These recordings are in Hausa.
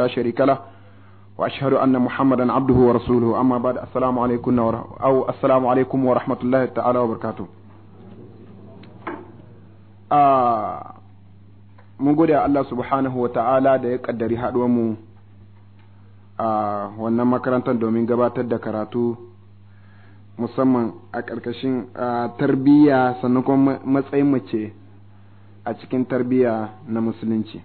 لا شريك له وأشهد أن محمدا عبده ورسوله أما بعد السلام عليكم أو السلام عليكم ورحمة الله تعالى وبركاته mun gode Allah subhanahu wa ta'ala da ya kaddari mu a wannan makarantar domin gabatar da karatu musamman a ƙarƙashin tarbiyya sannan kuma matsayin mace a cikin tarbiyya na musulunci.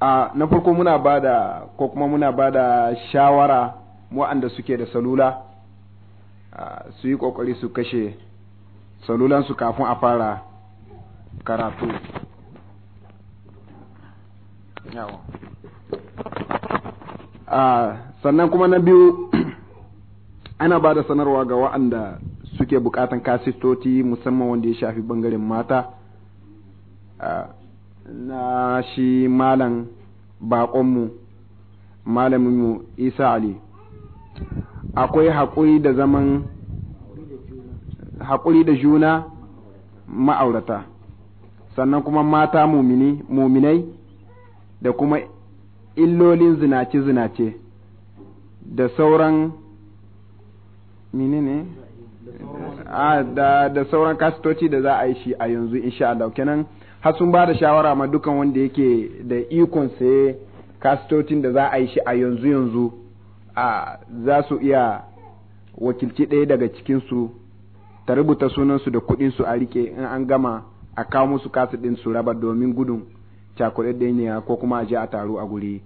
a na farko muna ba da ko kuma muna ba da shawara waɗanda suke da salula su yi ƙoƙari su kashe salulansu kafin a fara karatu sannan kuma na biyu ana ba da sanarwa ga waɗanda suke bukatan kasistoti musamman wanda ya shafi bangaren mata na shi malam baƙonmu malaminmu isa ali akwai haƙuri da zaman haƙuri da juna ma'aurata sannan kuma mata muminai da kuma illolin zinace-zinace da sauran menene ah, da sauran kasitoci da za a yi shi a yanzu insha Allah kenan har sun ba da shawara ma dukan wanda yake da ikon saye kastotin da za a yi shi a yanzu yanzu a za su iya wakilci ɗaya daga cikinsu ta rubuta sunansu da kuɗinsu a rike in an gama a kawo musu kasu ɗin su raba domin gudun cakuɗaɗɗeniya ko kuma a je a taru a guri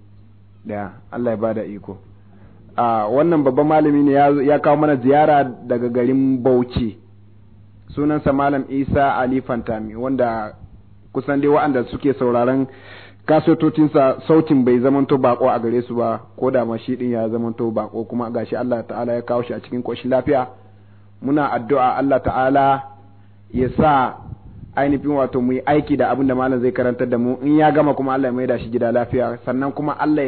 da Allah ya bada iko a wannan babban malami ne ya kawo mana ziyara daga garin Bauchi sunansa malam Isa Ali Fantami wanda kusan dai waɗanda suke sauraron sa sautin bai zamanto bako a gare su ba ko da ma shi din ya zamanto bako kuma gashi Allah ta'ala ya kawo shi a cikin koshin lafiya muna addu'a Allah ta'ala ya sa ainihin wato mu yi aiki da abin da malam zai karantar da mu in ya gama kuma Allah ya da shi gida lafiya sannan kuma Allah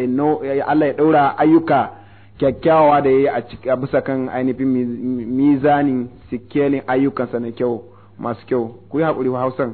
ya ɗaura ayyuka kyakkyawa da yayi a bisa kan ainihin mizanin sikelin ayyukansa na kyau masu kyau ku yi hakuri Hausan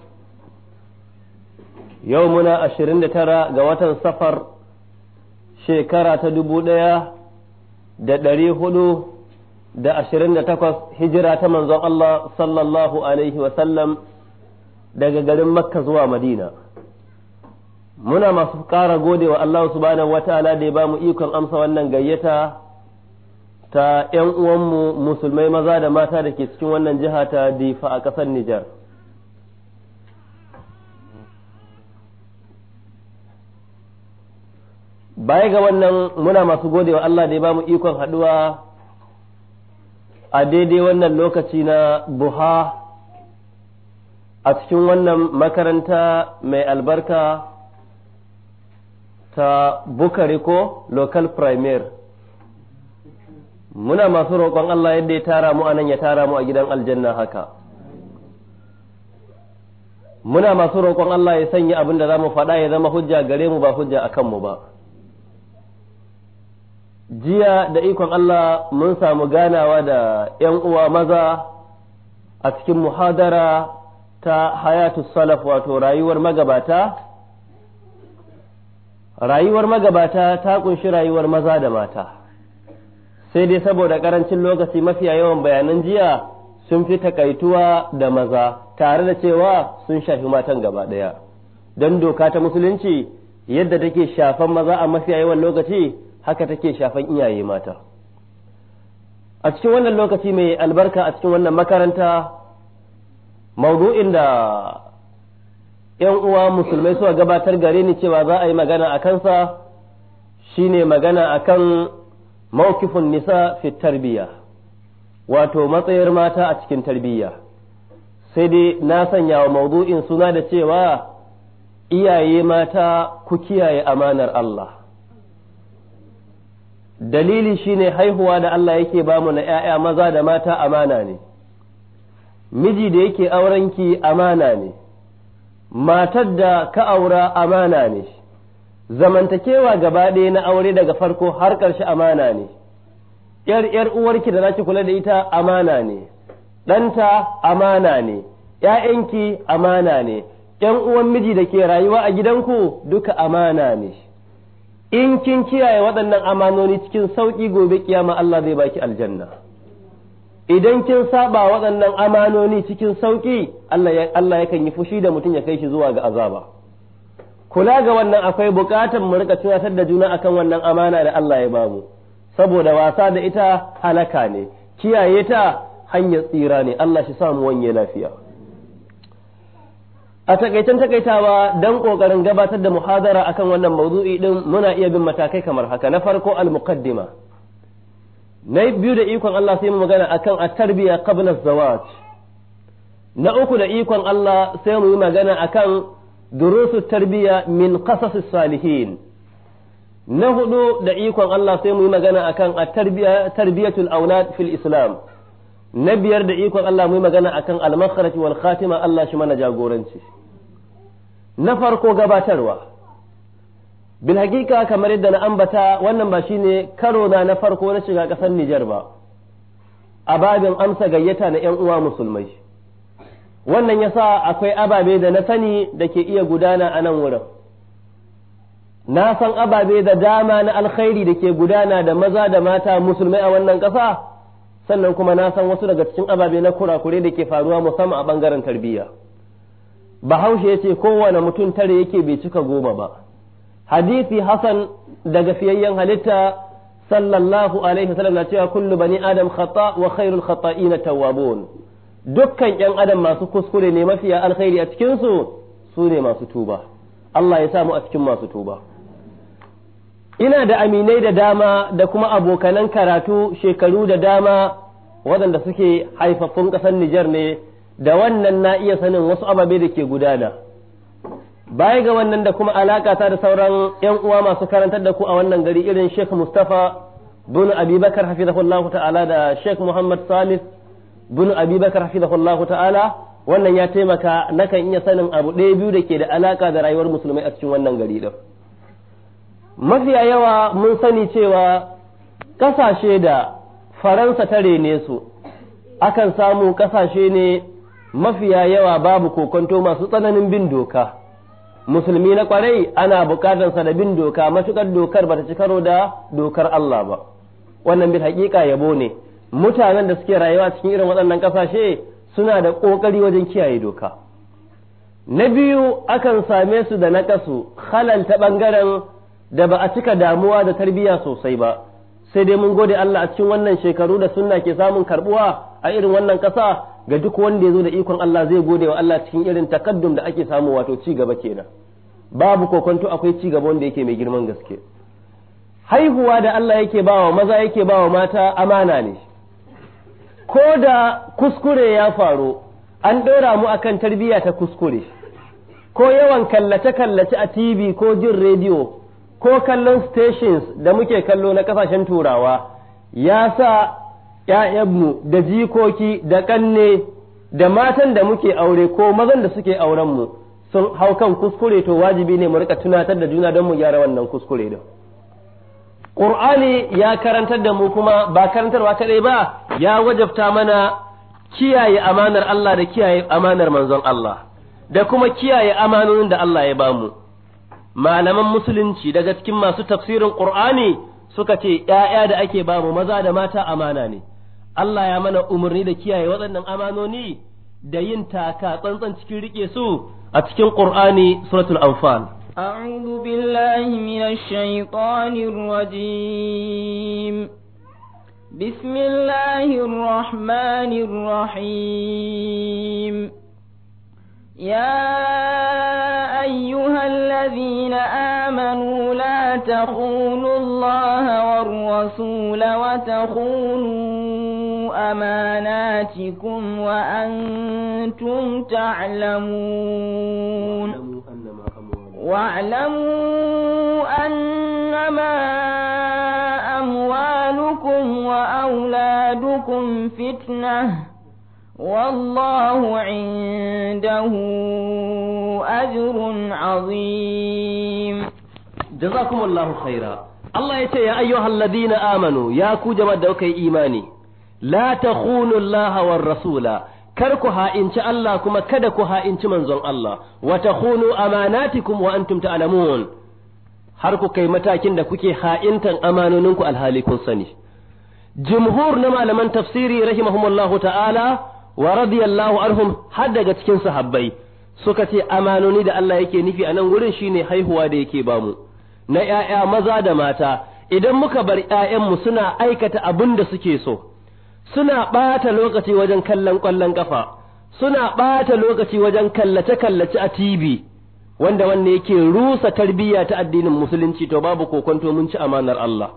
yau muna ashirin da tara ga watan safar shekara ta dubu ɗaya da ɗari hudu da ashirin da takwas hijira ta manzon Allah sallallahu alaihi wasallam daga garin makka zuwa madina muna masu ƙara gode wa Allah wata ala da ya ba mu ikon amsa wannan gayyata ta ‘yan uwanmu musulmai maza da mata da ke cikin wannan jiha ta difa a ƙasar Nijar. baya ga wannan muna masu gode wa Allah da ya bamu ikon haduwa a daidai wannan lokaci na buha a cikin wannan makaranta mai albarka ta bukariko local primary muna masu roƙon Allah yadda ya tara mu anan ya tara mu a gidan aljanna haka muna masu roƙon Allah ya sanya abin da za mu faɗa ya zama hujja gare mu ba hujja a mu ba jiya da ikon Allah mun samu ganawa da ‘yan uwa maza a cikin muhadara ta hayatu salaf wato rayuwar magabata rayuwar magabata ta kunshi rayuwar maza da mata sai dai saboda karancin lokaci mafiya yawan bayanan jiya sun fi takaituwa da maza tare da cewa sun shafi matan gaba ɗaya don doka ta musulunci yadda take shafan maza a mafiya yawan lokaci haka take shafan iyaye mata a cikin wannan lokaci mai albarka a cikin wannan makaranta maudu'in da yan uwa musulmai suka gabatar gare ni cewa za a yi magana a kansa shine magana akan maukifin nisa fi tarbiyya wato matsayar mata a cikin tarbiyya sai dai na sanya wa maudu'in suna da cewa iyaye mata ku kiyaye amanar Allah dalili shine haihuwa da Allah yake bamu na ‘ya'ya maza da mata amana ne miji da yake aurenki amana ne matar da ka aura amana ne zamantakewa gaba ɗaya na aure daga farko har ƙarshe amana ne ‘yar ‘yar uwarki da zaki kula da ita amana ne ɗanta amana ne ‘ya'yanki amana ne ‘yan uwan miji da ke rayuwa a gidanku duka amana ne in kin kiyaye waɗannan amanoni cikin sauƙi gobe kiyama Allah zai baki aljanna idan kin saba waɗannan amanoni cikin sauƙi Allah yakan yi fushi da mutum ya kai shi zuwa ga azaba kula ga wannan akwai buƙatar mu rika tunatar da juna akan wannan amana da Allah ya bamu saboda wasa da ita halaka ne kiyaye ta hanyar tsira ne Allah shi samu wanye lafiya a takaitan takaitawa dan kokarin gabatar da muhadara akan wannan mawdu'i din muna iya bin matakai kamar haka na farko al-muqaddima na biyu da ikon Allah sai mu magana akan at tarbiya qabla az-zawaj na uku da ikon Allah sai mu yi magana akan durusu tarbiyya min qasas salihin na hudu da ikon Allah sai mu yi magana akan at tarbiya tarbiyatul aulad fil islam na biyar da ikon Allah mu magana akan al-makhraj wal khatima Allah shi mana jagoranci na farko gabatarwa bil hakika kamar yadda na ambata wannan ba shine karo na na farko na shiga kasar Nijar ba a babin amsa gayyata na ƴan uwa musulmai wannan yasa akwai ababe da na sani da ke iya gudana a nan wurin na san ababe da dama na alkhairi da ke gudana da maza da mata musulmai a wannan ƙasa sannan kuma na san wasu daga cikin ababe na kurakure da ke faruwa musamman a bangaren tarbiyya bahaushe ya ce kowane mutum tare yake bai cika goma ba hadisi hasan daga fiyayyen halitta sallallahu alaihi wasallam na cewa kullu bani adam khata wa khairul khata'ina tawwabun dukkan yan adam masu kuskure ne mafiya alkhairi a cikin su su ne masu tuba Allah ya samu a cikin masu tuba ina da aminai da dama da kuma abokanan karatu shekaru da dama waɗanda suke haifaffun ƙasar Nijar ne da wannan na iya sanin wasu ababe da ke gudana baya ga wannan da kuma alaƙa ta da sauran 'yan uwa masu karantar da ku a wannan gari irin Sheikh Mustafa bin Abubakar hafizahullahu ta'ala da Sheikh Muhammad Salis bin Abubakar hafizahullahu ta'ala wannan ya taimaka nakan iya sanin abu ɗaya biyu da ke da alaƙa da rayuwar musulmai a cikin wannan gari ɗin. mafiya yawa mun sani cewa ƙasashe da faransa ta rene su akan samu ƙasashe ne mafiya yawa babu kokonto masu tsananin bin doka musulmi na kwarai ana bukatarsa da bin doka matuƙar dokar ba ta ci karo da dokar Allah ba wannan bil haƙiƙa yabo ne mutanen da suke rayuwa cikin irin waɗannan ƙasashe suna da ƙoƙari wajen kiyaye doka na biyu akan same su da nakasu halal ta ɓangaren da ba a cika damuwa da tarbiyya sosai ba sai dai mun gode Allah a cikin wannan shekaru da sunna ke samun karbuwa a irin wannan ƙasa ga duk wanda ya zo da ikon Allah zai gode wa Allah cikin irin takaddum da ake samu wato ci gaba kenan babu kokonto akwai ci gaba wanda yake mai girman gaske haihuwa da Allah yake bawa maza yake bawa mata amana ne ko da kuskure ya faru an ɗora mu akan tarbiyya ta kuskure ko yawan kallace-kallace a TV ko jin rediyo ko kallon stations da muke kallo na kasashen turawa ya sa ‘ya'yanmu da jikoki da ƙanne da matan da muke aure ko mazan da suke aurenmu sun hau kan kuskure to wajibi ne mu rika tunatar da juna don mu gyara wannan kuskure da Ƙur'ani ya karantar da mu kuma ba karantarwa kaɗai ba ya wajabta mana kiyaye amanar Allah da kiyaye amanar manzon Allah da kuma kiyaye amanonin da Allah ya bamu. malaman musulunci daga cikin masu tafsirin Qur'ani suka ce ‘ya'ya da ake ba mu maza da mata amana ne, Allah ya mana umarni da kiyaye waɗannan amanoni da yin taka tsantsan cikin riƙe su a cikin Qur'ani suratul Anfal. أعوذ بالله من الشيطان rajim, بسم rahmanir rahim. الذين آمنوا لا تخونوا الله والرسول وتخونوا أماناتكم وأنتم تعلمون واعلموا أنما أموالكم وأولادكم فتنة والله عنده أجر عظيم جزاكم الله خيرا الله يتي يا أيها الذين آمنوا يا كوجما دوكي إيماني لا تخونوا الله والرسول kar ku ha'inci Allah kuma kada ku ha'inci manzon Allah wa takhunu amanatikum wa har ku kai matakin da kuke ha'intan amanoninku alhali kun sani jumhur na malaman tafsiri rahimahumullahu ta'ala wa radiyallahu anhum har daga cikin sahabbai suka ce amanoni da Allah yake nufi a nan wurin shine haihuwa da yake bamu na ‘ya'ya maza da mata idan muka bar ‘ya'yanmu suna aikata abin da suke so suna ɓata lokaci wajen kallon ƙwallon ƙafa suna ɓata lokaci wajen kallace-kallace a TV wanda wanne yake rusa tarbiyya ta addinin musulunci to babu kokonto mun ci amanar Allah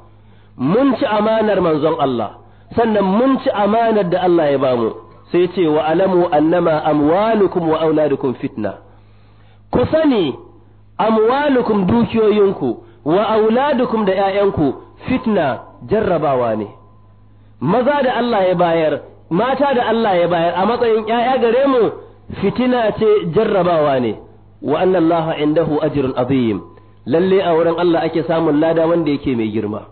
mun ci amanar manzon Allah sannan mun ci amanar da Allah ya bamu sai ce wa alamu annama amwalukum wa auladukum fitna ku sani amwalukum dukiyoyinku wa auladukum da ƴaƴanku fitna jarrabawa ne maza da Allah ya bayar mata da Allah ya bayar a matsayin ƴaƴa gare mu fitina ce jarrabawa ne wa anna Allah indahu ajrun azim lalle a wurin Allah ake samun lada wanda yake mai girma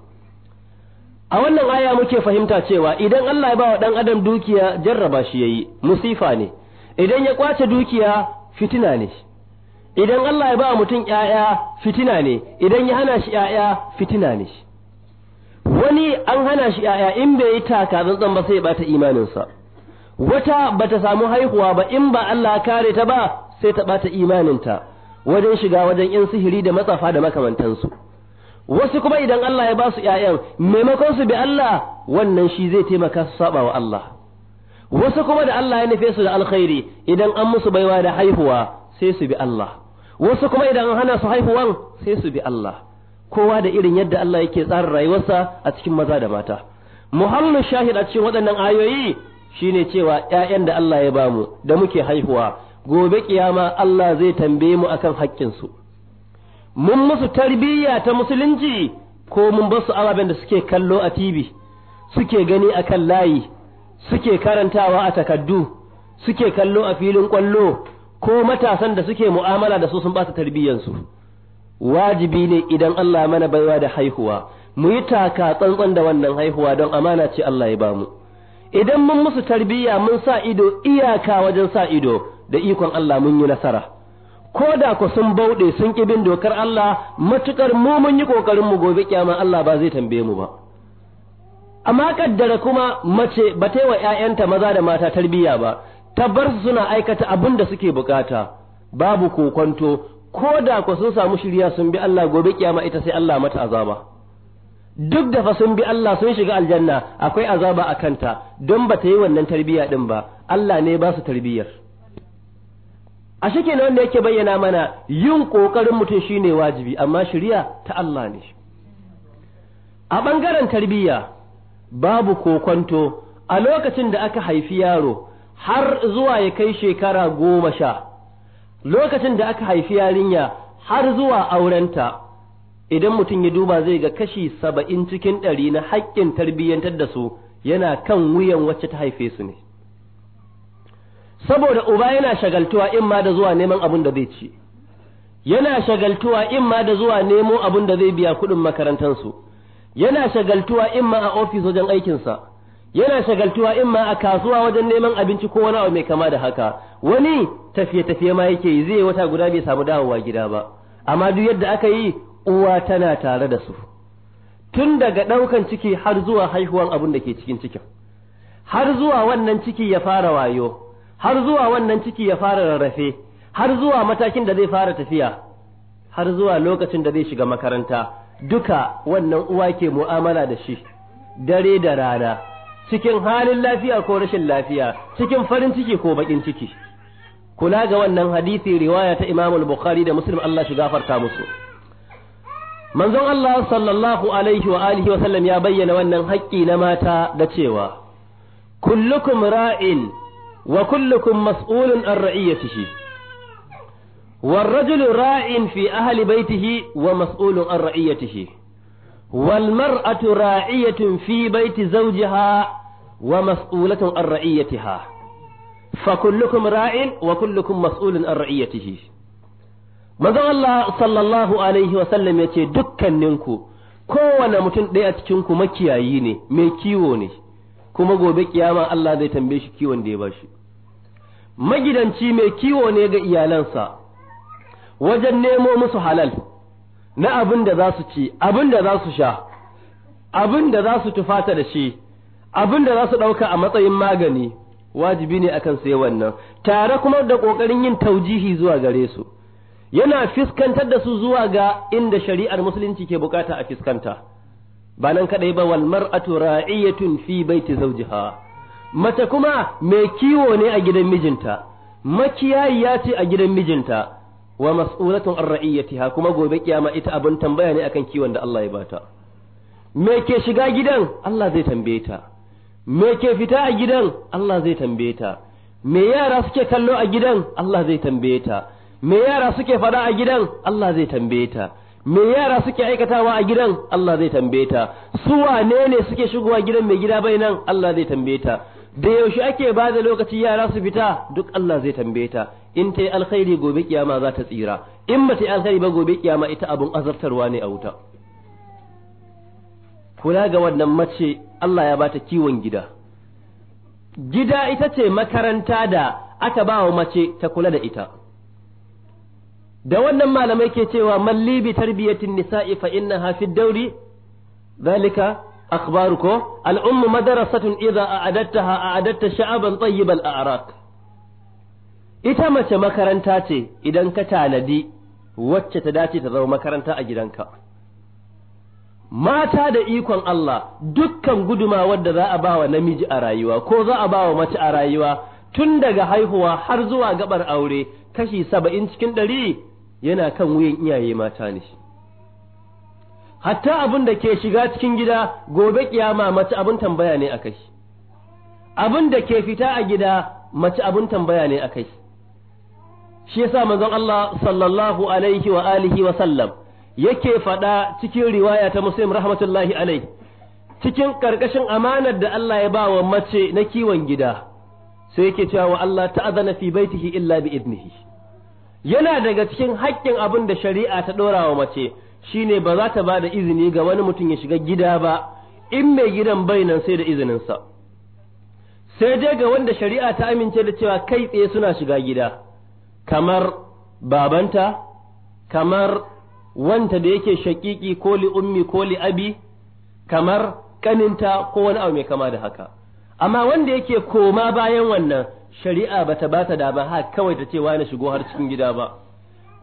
a wannan aya muke fahimta cewa idan Allah ya bawa ɗan adam dukiya jarraba shi yayi musifa ne idan ya kwace dukiya fitina ne idan Allah ya ba mutum ƴaƴa fitina ne, idan ya hana shi ƴaƴa fitina ne. Wani an hana shi ƴaƴa in bai yi taka tsantsan ba sai bata imaninsa, wata bata samu haihuwa ba in ba Allah kare ta ba sai ta imanin imaninta wajen shiga wajen ‘yan sihiri da matsafa da makamantansu. wasu kuma idan Allah ya ba su ‘ya'yan maimakon su bi Allah wannan shi zai taimaka su saba wa Allah wasu kuma da Allah ya nufe su da alkhairi idan an musu baiwa da haihuwa sai su bi Allah wasu kuma idan an hana su haihuwan sai su bi Allah kowa da irin yadda Allah yake tsara rayuwarsa a cikin maza da mata muhammad shahid a cikin waɗannan ayoyi shine cewa ‘ya'yan da Allah ya bamu da muke haihuwa gobe ƙiyama Allah zai tambaye mu akan haƙƙinsu. su mun musu tarbiyya ta musulunci ko mun basu ababen da suke kallo a TV suke gani a kan layi suke karantawa a takaddu suke kallo a filin kwallo ko matasan da suke mu'amala da su sun ba su tarbiyyansu wajibi ne idan Allah mana baiwa da haihuwa mu yi taka tsantsan da wannan haihuwa don amana ce Allah ya bamu idan mun musu tarbiyya mun sa ido iyaka wajen sa ido da ikon Allah mun yi nasara ko da ku sun bauɗe sun ƙi bin dokar Allah matuƙar mu mun yi ƙoƙarin mu gobe kyama Allah ba zai tambaye mu ba amma kaddara kuma mace ba ta yi wa ‘ya'yanta maza da mata tarbiyya ba ta bar su suna aikata abin da suke bukata babu kokonto ko da ku sun samu shirya sun bi Allah gobe kyama ita sai Allah mata azaba duk da fa sun bi Allah sun shiga aljanna akwai azaba a kanta don ba ta yi wannan tarbiyya din ba Allah ne ba su tarbiyyar a shi ne wanda yake bayyana mana yin ƙoƙarin mutum shi ne wajibi amma shirya ta Allah ne a ɓangaren tarbiyya babu kokonto a lokacin da aka haifi yaro har zuwa ya kai shekara goma sha lokacin da aka haifi yarinya har zuwa aurenta idan mutum ya duba zai ga kashi saba'in cikin ɗari na haƙƙin tarbiyyantar da su yana kan wuyan wacce ta haife su ne saboda uba yana shagaltuwa in ma da zuwa neman abin da zai ci yana shagaltuwa in ma da zuwa nemo abin da zai biya kuɗin makarantansu yana shagaltuwa in ma a ofis wajen aikinsa yana shagaltuwa in ma a kasuwa wajen neman abinci ko wani abu mai kama da haka wani tafiye-tafiye ma yake yi zai wata guda bai samu dawowa gida ba amma duk yadda aka yi uwa tana tare da su tun daga ɗaukan ciki har zuwa haihuwan abin da ke cikin cikin har zuwa wannan ciki ya fara wayo har zuwa wannan ciki ya fara rarrafe har zuwa matakin da zai fara tafiya har zuwa lokacin da zai shiga makaranta duka wannan uwa ke mu'amala da shi dare da rana cikin halin lafiya ko rashin lafiya cikin farin ciki ko baƙin ciki kula ga wannan hadisi riwaya ta Imam al-Bukhari da Muslim Allah shi gafarta musu manzon Allah sallallahu alaihi wa alihi wa sallam ya bayyana wannan haƙƙi na mata da cewa kullukum ra'in وكلكم مسؤول عن رعيته والرجل راع في أهل بيته ومسؤول عن رعيته والمرأة راعية في بيت زوجها ومسؤولة عن رعيتها فكلكم راع وكلكم مسؤول عن رعيته ماذا الله صلى الله عليه وسلم ya ce dukkaninku kowane mutum ɗaya a cikinku makiyayi ne kuma gobe kiyama Allah zai tambaye shi kiwon da ya ba shi. magidanci mai kiwo ne ga iyalansa wajen nemo musu halal na abin da za su ci abin da za su sha abin da za su tufata da shi abin da za su ɗauka a matsayin magani wajibi ne akan sai wannan tare kuma da ƙoƙarin yin taujihi zuwa gare su yana fiskantar da su zuwa ga inda shari'ar musulunci ke bukata a fiskanta ba nan kadai ba wal mar'atu ra'iyatun fi baiti zawjiha mace kuma mai kiwo ne a gidan mijinta makiyayi ya ce a gidan mijinta wa mas'ulatun ar ra'iyatiha kuma gobe kiyama ita abin tambaya ne akan kiwon da Allah ya bata me ke shiga gidan Allah zai tambaye ta me ke fita a gidan Allah zai tambaye ta me yara suke kallo a gidan Allah zai tambaye ta me yara suke fada a gidan Allah zai tambaye ta me yara suke aikatawa a gidan Allah zai tambaye ta su wane ne suke shigowa gidan mai gida bai nan Allah zai tambaye ta da yaushe ake ba da lokaci yara su fita duk Allah zai tambaye ta in ta yi alkhairi gobe kiyama za ta tsira in ba ta yi alkhairi ba gobe kiyama ita abun azabtarwa ne a wuta kula ga wannan mace Allah ya bata kiwon gida gida ita ce makaranta da aka ba wa mace ta kula da ita da wannan malamai ke cewa malli bi tarbiyatin nisa'i fa innaha fi dauri zalika akhbaru ko al'ummu madarasatun idza a'adattaha a'adatta sha'aban tayyibal a'raq ita mace makaranta ce idan ka tanadi wacce ta dace ta zama makaranta a gidanka mata da ikon Allah dukkan guduma wadda za a bawa namiji a rayuwa ko za a bawa mace a rayuwa tun daga haihuwa har zuwa gabar aure kashi saba'in cikin ɗari yana kan wuyan iyaye mata ne hatta abin da ke shiga cikin gida gobe kiyama mace abin tambaya ne akai abin da ke fita a gida mace abin tambaya ne akai shi yasa manzon Allah sallallahu alaihi wa alihi wa sallam yake faɗa cikin riwaya ta Muslim rahmatullahi alaihi cikin ƙarƙashin amanar da Allah ya ba wa mace na kiwon gida sai yake cewa wa Allah ta'azana fi baitihi illa bi idnihi yana daga cikin haƙƙin abin da shari'a ta ɗora wa mace shine ba za ta ba da izini ga wani mutum ya shiga gida ba in mai gidan bai nan sai da izininsa sai dai ga wanda shari'a ta amince da cewa kai tsaye suna shiga gida kamar babanta kamar wanta da yake shakiki ko li ummi ko li kamar kaninta ko wani abu mai kama da haka amma wanda yake koma bayan wannan shari'a bata ba ta ba ha kawai ta ce na shigo har cikin gida ba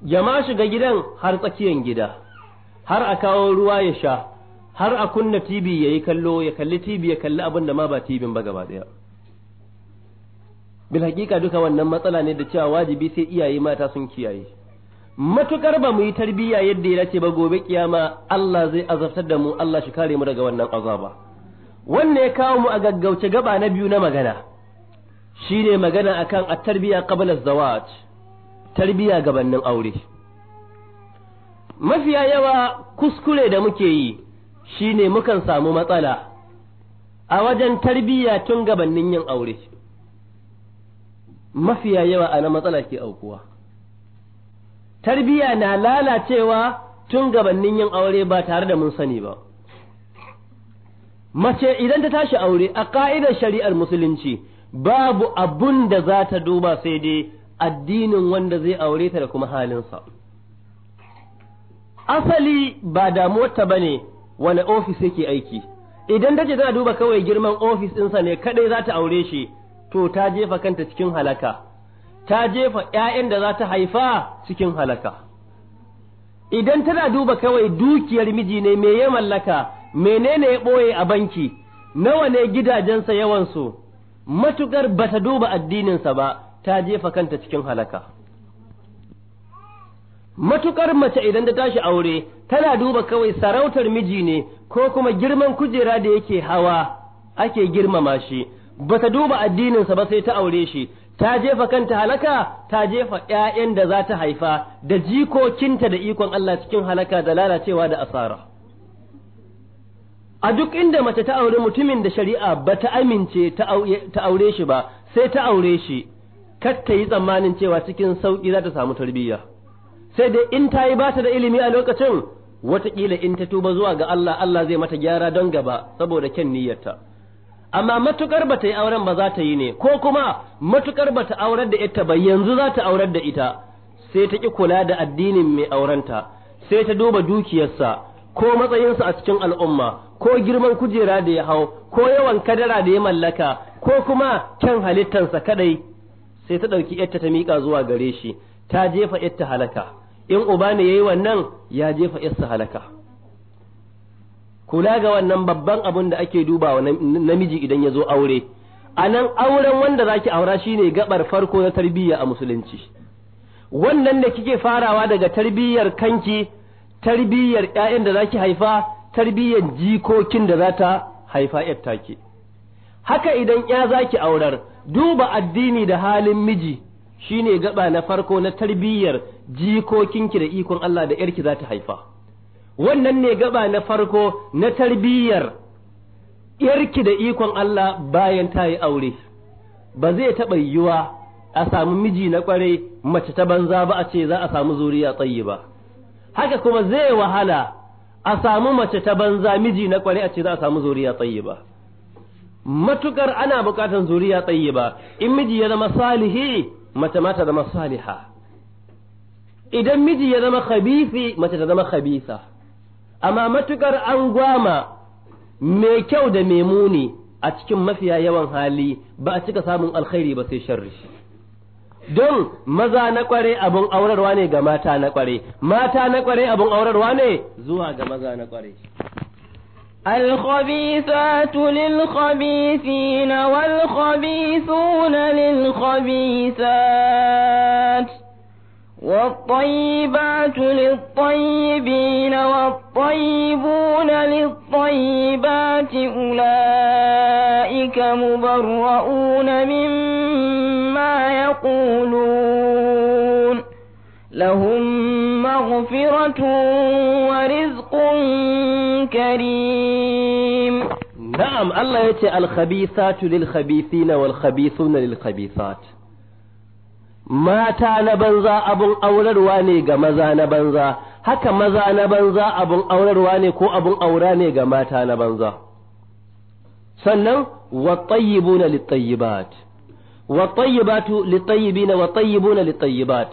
ya shiga gidan har tsakiyan gida har a kawo ruwa ya sha har a kunna TV ya yi kallo ya kalli TV ya kalli abin da ma ba TV ba gaba daya bil hakika duka wannan matsala ne da cewa wajibi sai iyaye mata sun kiyaye matukar ba mu yi tarbiyya yadda ya dace ba gobe kiyama Allah zai azabtar da mu Allah shi kare mu daga wannan azaba wannan ya kawo mu a gaggauce gaba na biyu na magana shine magana akan a tarbiya qabla az-zawaj tarbiya gabanin aure mafiya yawa kuskure da muke yi shine mukan samu matsala a wajen tarbiya tun gabanin yin aure mafiya yawa a na matsala ke aukuwa tarbiya na lalacewa tun gabanin yin aure ba tare da mun sani ba mace idan ta tashi aure a ka'idar shari'ar musulunci babu abun da za ta duba sai dai addinin wanda zai aure ta da kuma halinsa asali ba damuwarta ba ne wani ofis yake aiki idan take tana duba kawai girman ofis ɗinsa ne kaɗai za ta aure shi to ta jefa kanta cikin halaka ta jefa ‘ya'yan da za ta haifa cikin halaka idan tana duba kawai dukiyar miji ne mai ya mallaka menene ya ɓoye a banki nawa ne gidajensa yawansu Matukar ba ta duba addininsa ba ta jefa kanta cikin halaka matukar mace idan ta tashi aure tana duba kawai sarautar miji ne ko kuma girman kujera da yake hawa ake girmama shi ba ta duba addininsa ba sai ta aure shi ta jefa kanta halaka ta jefa ‘ya'yan da za ta haifa da jikokinta da ikon Allah cikin halaka da lalacewa da asara. a duk inda mace ta aure mutumin da shari'a ba ta amince ta aure shi ba sai ta aure shi kar ta yi tsammanin cewa cikin sauƙi za ta samu tarbiyya sai dai in ta yi ba ta da ilimi a lokacin wataƙila in ta tuba zuwa ga Allah Allah zai mata gyara don gaba saboda kyan niyyarta amma matukar ba ta yi auren ba za ta yi ne ko kuma matukar ba ta aurar da ita ba yanzu za ta aurar da ita sai ta ƙi kula da addinin mai aurenta sai ta duba dukiyarsa ko matsayinsa a cikin al'umma ko girman kujera da ya hau ko yawan kadara da ya mallaka ko kuma kyan halittansa kadai sai ta ɗauki yadda ta miƙa zuwa gare shi ta jefa yadda halaka in uba ne ya yi wannan ya jefa yadda halaka kula ga wannan babban abin da ake dubawa namiji idan ya zo aure a nan auren wanda zaki aura shi ne gaɓar farko na tarbiyya a musulunci wannan da kike farawa daga tarbiyyar kanki tarbiyyar 'ya'yan da zaki haifa tarbiyyar jikokin da za ta haifa yar ke haka idan ya za ki aurar duba addini da halin miji shi ne gaba na farko na tarbiyyar jikokinki da ikon Allah da yarki za ta haifa wannan ne gaba na farko na tarbiyyar yarki da ikon Allah bayan ta yi aure ba zai taɓa yiwuwa a samu miji na kwarai mace ta banza ba a ce za a samu zuriya tsayi ba haka kuma zai wahala a samu mace ta banza miji na kwari a ce za a samu zuriya tsayyiba matukar ana bukatan zuriya tsayyiba in miji ya zama salihi mace ma ta zama saliha idan miji ya zama khabisi mace ta zama khabisa amma matukar an gwama mai kyau da mai muni a cikin mafiya yawan hali ba a cika samun alkhairi ba sai sharri don maza na kware abin aurarwa ne ga mata na kware mata na kware abin aurarwa ne zuwa ga maza na kware الخبيثات للخبيثين والخبيثون للخبيثات والطيبات للطيبين والطيبون للطيبات أولئك مبرؤون مما يقولون لهم مغفرة ورزق كريم نعم الله يتي الخبيثات للخبيثين والخبيثون للخبيثات mata na banza abun aurarwa ne ga maza na banza haka maza na banza abun aurarwa ne ko abun aura ne ga mata na banza sannan wa tayyibuna litayyibat wa tayyibatu litayyibina wa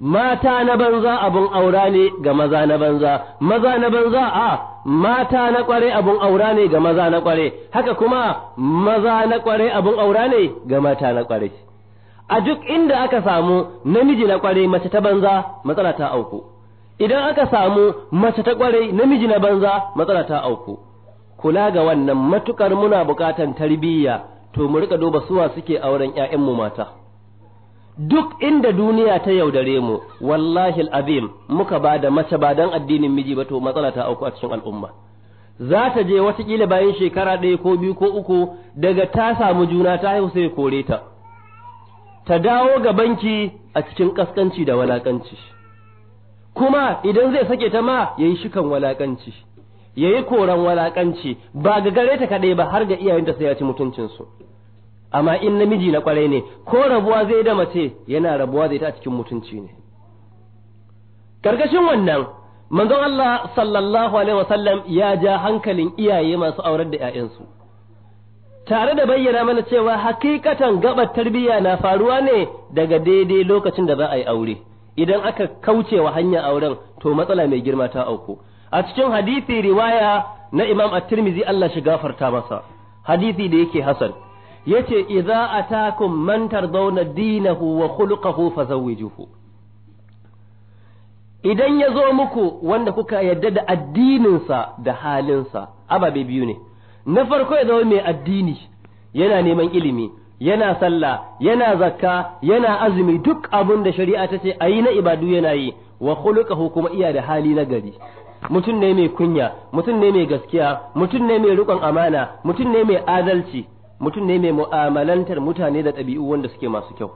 mata na banza abun aura ne ga maza na banza maza na banza a mata na kware abun aura ne ga maza na kware haka kuma maza na kware abun aura ne ga mata na kware a duk inda aka samu namiji na kwarai mace ta banza matsala ta auku idan aka samu mace ta kwarai namiji na banza matsala ta auku kula ga wannan matukar muna bukatan tarbiyya to mu rika duba suwa suke auren mu mata duk inda duniya ta yaudare mu wallahi azim muka ba da mace ba dan addinin miji ba to matsala ta auku a cikin al'umma za ta je watakila bayan shekara ɗaya ko biyu ko uku daga ta samu juna ta haihu sai kore ta ta dawo ga banki a cikin kaskanci da walakanci kuma idan zai sake ta ma ya yi shikan walakanci yi koran walakanci ba ga gare ta kaɗai ba har ga iyayenta sai ya ci mutuncinsu amma in namiji na kwarai ne ko rabuwa zai da mace yana rabuwa zai ta a cikin mutunci ne karkashin wannan manzon Allah sallallahu alaihi wasallam ya ja hankalin iyaye masu aurar da 'ya'yansu tare da bayyana mana cewa hakikatan gabar tarbiyya na faruwa ne daga daidai lokacin da za a yi aure idan aka kauce wa hanyar auren to matsala mai girma ta auku a cikin hadisi riwaya na imam at-tirmidhi Allah shi gafarta masa hadisi da yake hasan yace idza atakum man tardawna dinahu wa khuluquhu fazawwijuhu idan ya zo muku wanda kuka yadda da sa da halinsa ababe biyu ne na farko ya zama mai addini yana neman ilimi yana sallah yana zakka yana azumi duk abin da shari'a ta ce ayi na ibadu yana yi wa khuluquhu kuma iya da hali na gari mutum ne mai kunya mutum ne mai gaskiya mutum ne mai rikon amana mutum ne mai adalci mutum ne mai mu'amalantar mutane da ɗabi'u wanda suke masu kyau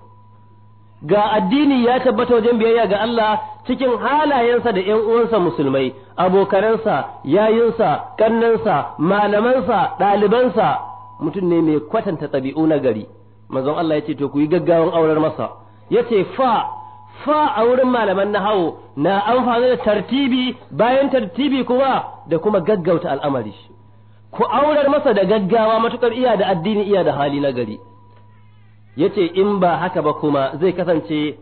ga addini ya tabbata wajen biyayya ga Allah cikin halayensa da ‘yan uwansa musulmai, abokanansa, yayinsa, kannansa, malamansa, ɗalibansa, mutum ne mai kwatanta ɗabi'u na gari. Manzon Allah ya ce, To, ku yi gaggawan aurar masa, ya ce, Fa, fa a wurin malaman na hawo na amfani da tartibi bayan tartibi kuma da kuma gaggauta al'amari. Ku aurar masa da gaggawa matuƙar iya da addini iya da hali na gari. yace in ba haka ba kuma zai kasance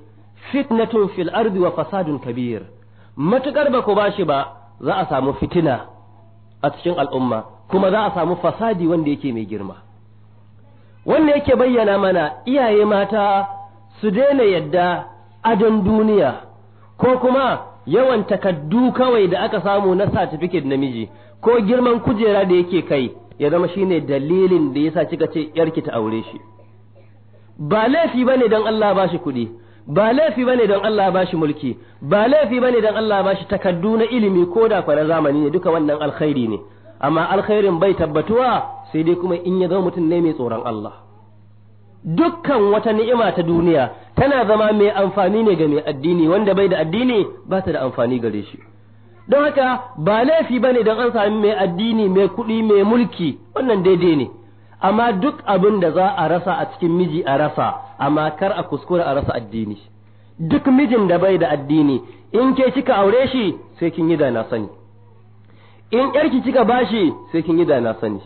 fitnatun fil ardi wa fasadun kabir matukar ba ku bashi ba za a samu fitina a cikin al'umma kuma za a samu fasadi wanda yake mai girma wanda yake bayyana mana iyaye mata su daina yadda adon duniya ko kuma yawan takaddu kawai da aka samu na certificate namiji ko girman kujera da yake kai ya zama shine dalilin da yasa kika ce yarki ta aure shi ba laifi ba ne don Allah ba shi kuɗi ba laifi ba ne don Allah ba shi mulki ba laifi ba ne don Allah ba shi takaddu na ilimi ko da kwa na zamani ne duka wannan alkhairi ne amma alkhairin bai tabbatuwa sai dai kuma in ya zama mutum ne mai tsoron Allah dukkan wata ni'ima ta duniya tana zama mai amfani ne ga mai addini wanda bai da addini ba ta da amfani gare shi don haka ba laifi ba ne don an sami mai addini mai kuɗi mai mulki wannan daidai ne amma duk abin da za a rasa a cikin miji a rasa amma kar a kuskura a rasa addini duk mijin da bai da addini in ke kika aure shi sai kin yi da na sani in yarki kika bashi sai kin yi da na sani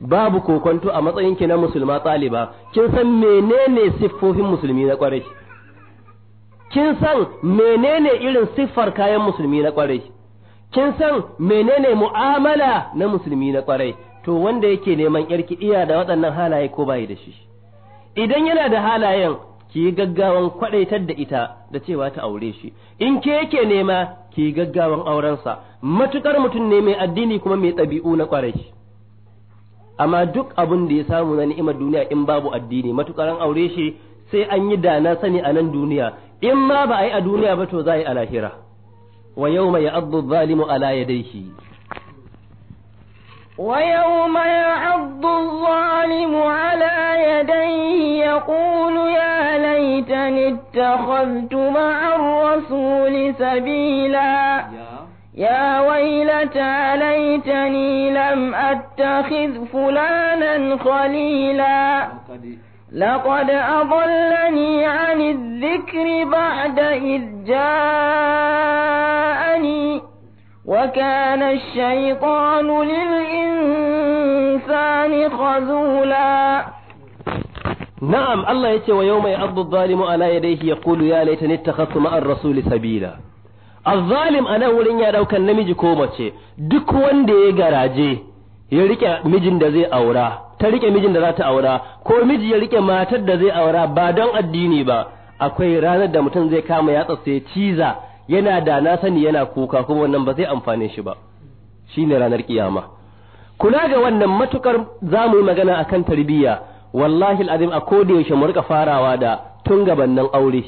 babu kokonto a matsayin ki na musulma taliba kin san menene siffofin musulmi na kwarai kin san menene irin siffar kayan musulmi na kwarai kin san menene mu'amala na musulmi na kwarai to wanda yake neman yarki iya da waɗannan halaye ko bai da shi idan yana da halayen ki yi gaggawan kwadaitar da ita da cewa ta aure shi in ke yake nema ki yi gaggawan aurensa Matuƙar mutum ne mai addini kuma mai ɗabi'u na ƙwarai, amma duk abin da ya samu na ni'imar duniya in babu addini matukar aure shi sai an yi dana sani a nan duniya in ma ba a yi a duniya ba to za a yi a lahira wa yawma ya'addu adh-dhalimu ala yadayhi ويوم يعض الظالم على يديه يقول يا ليتني اتخذت مع الرسول سبيلا يا ويلتى ليتني لم أتخذ فلانا خليلا لقد أضلني عن الذكر بعد إذ جاءني وكان الشيطان للإنسان خذولا نعم الله يتي ويوم يعض الظالم على يديه يقول يا ليتني اتخذت مع الرسول سبيلا الظالم أنا ولن يا لو كان نمجي كومتي دك وندي garaje ya rike mijin da zai aura ta riƙe mijin da za ta aura ko miji ya rike matar da zai aura ba don addini ba akwai ranar da mutum zai kama yatsa sai ciza yana da na sani yana kuka kuma wannan ba zai amfane shi ba shine ranar kiyama kula ga wannan matukar za mu yi magana akan tarbiyya wallahi alazim a da yaushe mu rika farawa da tun nan aure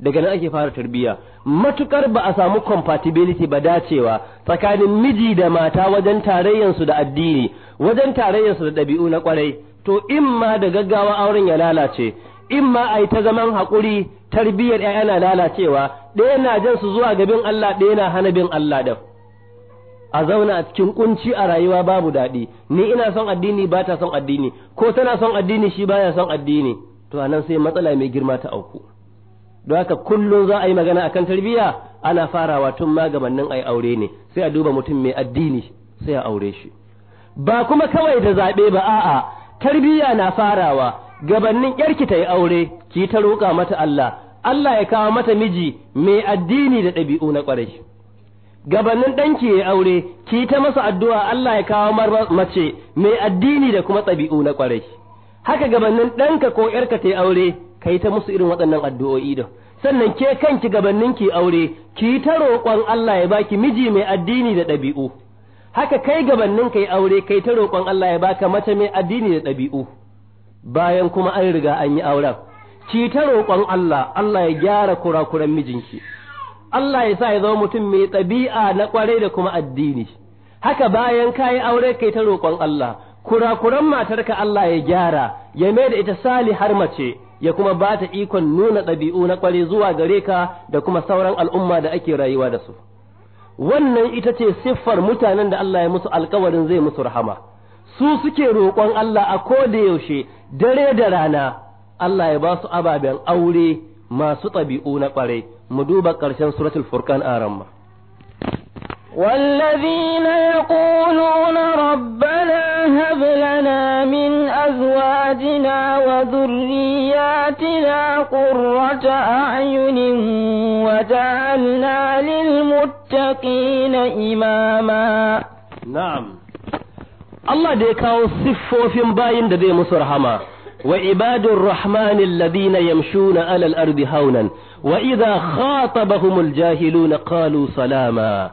daga nan ake fara tarbiyya matukar ba a samu compatibility ba dacewa tsakanin miji da mata wajen tarayyansu da addini wajen tarayyansu da ɗabi'u na kwarai to in ma da gaggawa auren ya lalace in ma a yi ta zaman haƙuri tarbiyyar ‘ya'ya na lalacewa ɗaya na jan su zuwa ga bin Allah ɗaya na hana bin Allah da a zauna a cikin kunci a rayuwa babu daɗi ni ina son addini ba ta son addini ko tana son addini shi baya son addini to a nan sai matsala mai girma ta auku don haka kullum za a yi magana akan tarbiyya ana farawa tun magabannin ai aure ne sai a duba mutum mai addini sai a aure shi ba kuma kawai da zaɓe ba a'a tarbiyya na farawa gabannin yarki ta yi aure ki ta roƙa mata Allah Allah ya kawo mata miji mai addini da ɗabi'u na ƙwarai gabannin ɗanki ya yi aure ki ta masa addu'a Allah ya kawo mace mai addini da kuma ɗabi'u na ƙwarai haka gabannin ɗanka ko yarka ta yi aure ka yi ta musu irin waɗannan addu'o'i da sannan ke kanki gabannin ki aure ki ta roƙon Allah ya baki miji mai addini da ɗabi'u haka kai gabannin yi aure kai ta roƙon Allah ya baka mace mai addini da ɗabi'u bayan kuma an riga an yi auren ci ta roƙon Allah Allah ya gyara kurakuran mijinki Allah ya sa ya zama mutum mai ɗabi'a na ƙwarai da kuma addini haka bayan ka yi aure kai ta roƙon Allah kurakuran matarka Allah ya gyara ya mai da ita sali har mace ya kuma ba ta ikon nuna ɗabi'u na ƙwarai zuwa gare ka da kuma sauran al'umma da ake rayuwa da su. Wannan ita ce siffar mutanen da Allah ya musu alƙawarin zai musu rahama, su suke roƙon Allah a ko da yaushe dare da rana allah ya su ababen aure masu ɗabi'u na ɓarai mu duba ƙarshen suratul furkan arama wallafi na ƙunona rabban hablana min azwa wa wazuriya cira ƙurwata a'yunin waja hannalil muttaƙi na imama na'am Allah da ya kawo siffofin bayin da zai musu rahama wa ibadur rahmani alladhina yamshuna alal ardi haunan wa idha khatabahumul jahiluna qalu salama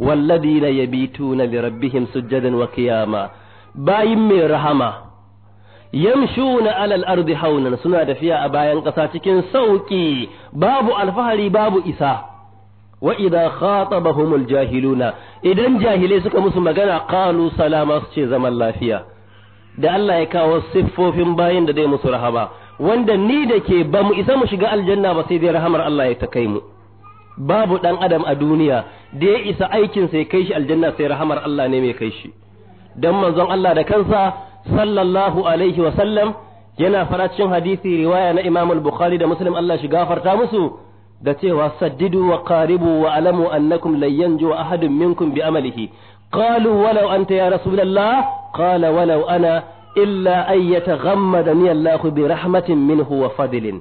walladhina yabituna li rabbihim sujjadan wa qiyama bayin mai rahama yamshuna alal ardi haunan suna tafiya a bayan ƙasa cikin sauki babu alfahari babu isa wa idza khatabahumul jahiluna idan jahilai suka musu magana qalu salama su ce zaman lafiya da Allah ya kawo siffofin bayin da zai musu rahaba wanda ni da ke ba mu isa mu shiga aljanna ba sai dai rahamar Allah ya ta mu babu dan adam a duniya da ya isa aikin sai kai shi aljanna sai rahamar Allah ne mai kai shi dan manzon Allah da kansa sallallahu alaihi wa sallam yana faracin hadisi riwaya na Imam al-Bukhari da Muslim Allah shi gafarta musu da cewa saddidu wa qaribu wa alamu annakum lan yanju ahadun minkum bi amalihi qalu walau anta ya rasulullah qala walau ana illa an yataghammadani allah bi rahmatin minhu wa fadlin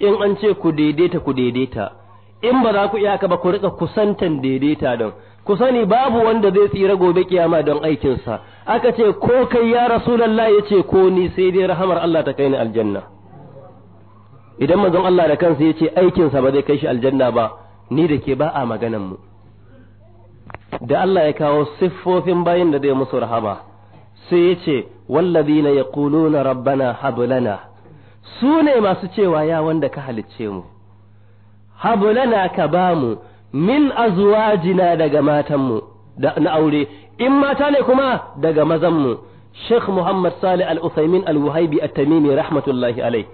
in an ce ku daidaita ku daidaita in ba za ku iya ba ku rika kusantan daidaita don ku sani babu wanda zai tsira gobe kiyama don aikinsa aka ce ko kai ya ya yace ko ni sai dai rahamar Allah ta kai ni aljanna idan manzon Allah da kansa ya ce aikinsa ba zai kai shi aljanna ba ni da ke ba a maganan mu da Allah ya kawo siffofin bayin da zai musu rahama sai yace ce wallazina yaquluna rabbana hab lana su ne masu cewa ya wanda ka halicce mu hab lana ka ba mu min azwajina daga matanmu da na aure in mata ne kuma daga mazanmu Sheikh Muhammad Salih al uthaymeen Al-Wahibi At-Tamimi rahmatullahi alayhi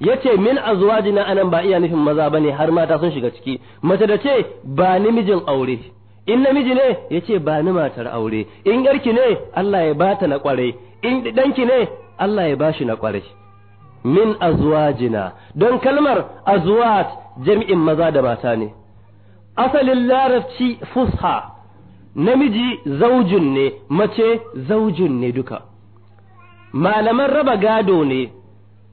yace min azwajina anan ba iya nufin maza bane har mata sun shiga ciki mace da ce ba mijin aure in namiji ne yace ba ni matar aure in yarki ne Allah ya bata na kwarai in danki ne Allah ya bashi na kwarai min azwajina don kalmar azwat jami'in maza da mata ne asalin larabci fusha namiji zaujin ne mace zaujin ne duka malaman raba gado ne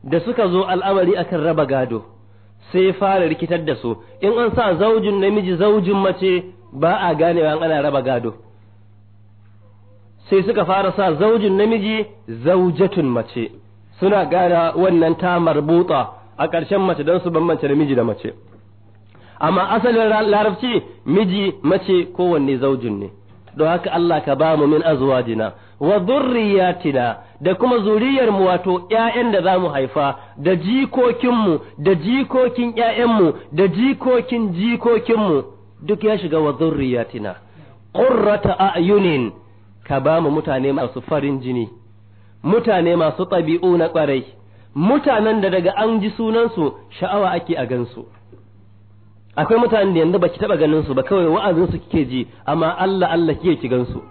da suka zo al'amari akan raba gado sai fara rikitar da su in an sa zaujin namiji zaujin mace ba a ganewa an ana raba gado sai suka fara sa zaujin namiji zaujatun mace suna gana wannan ta marbuta a ƙarshen mace don su bambance namiji da mace amma asalin larabci miji mace kowanne zaujin ne don haka Allah ka ba mu min azwajina wa dhurriyyatina da kuma zuriyarmu wato ‘ya'yan da za mu haifa, da jikokinmu, da jikokin ‘ya'yanmu, da jikokin jikokinmu, duk ya shiga wa zurriyatina. Ƙurrata a'yunin ka ba mu mutane masu farin jini, mutane masu ɗabi'u na ƙwarai, mutanen da daga an ji sunansu sha'awa ake a gansu. Akwai mutanen da yanzu baki taɓa ganinsu ba kawai wa'azinsu kike ji, amma Allah Allah kike ki gansu.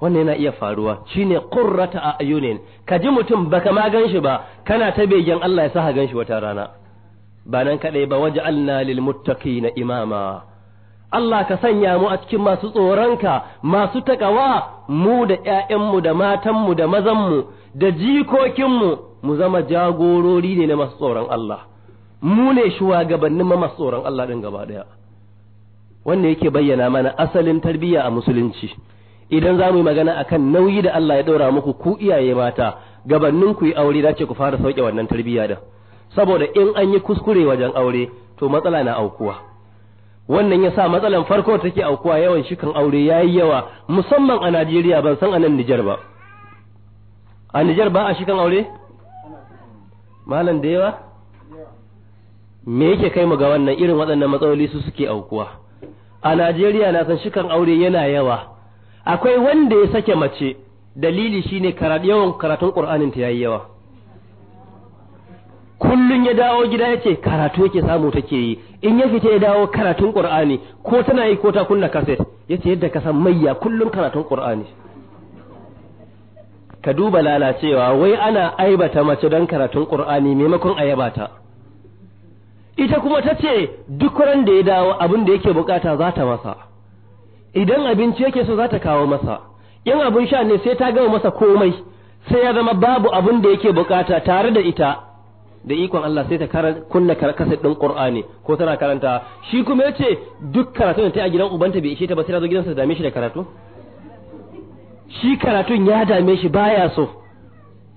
wannan yana iya faruwa shine qurrata a ayunin ka ji mutum baka ma ganshi ba kana ta begen Allah ya sa ganshi wata rana ba nan kadai ba waje waj'alna lil na imama Allah ka sanya mu a cikin masu tsoronka masu takawa mu da ƴaƴanmu da matanmu da mazanmu da jikokinmu mu zama jagorori ne na masu tsoron Allah mu ne shugabannin masu tsoron Allah din gaba daya wannan yake bayyana mana asalin tarbiyya a musulunci idan za mu yi magana a kan nauyi da Allah ya ɗora muku ku iyaye mata gabannin ku yi aure dace ku fara sauke wannan tarbiyya da saboda in an yi kuskure wajen aure to matsala na aukuwa wannan ya sa matsalan farko take aukuwa yawan shikan aure ya yi yawa musamman a Najeriya ban san a nan Nijar ba a Nijar ba a shikan aure malam da yawa me yake kai mu ga wannan irin waɗannan matsaloli su suke aukuwa a Najeriya na san shikan aure yana yawa akwai wanda ya sake mace dalili shine yawan karatun qur'anin ta yayi yawa kullun ya dawo gida yace karatu yake samu take yi in ya fita ya dawo karatun qur'ani ko tana yi ko ta kunna kaset yace yadda ka san mayya kullun karatun qur'ani ka duba lalacewa wai ana aibata mace don karatun qur'ani maimakon ayaba ta ita kuma tace duk ran da ya dawo abin da yake bukata za ta masa idan abinci yake so za ta kawo masa in abin sha ne sai ta gama masa komai sai ya zama babu abin da yake bukata tare da ita da ikon Allah sai ta kunna kasar din Qur'ani ko tana karanta shi kuma yace duk karatu da ta a gidan ubanta bai ishe ta ba sai ta zo gidansa ta dame shi da karatu shi karatun ya dame shi baya so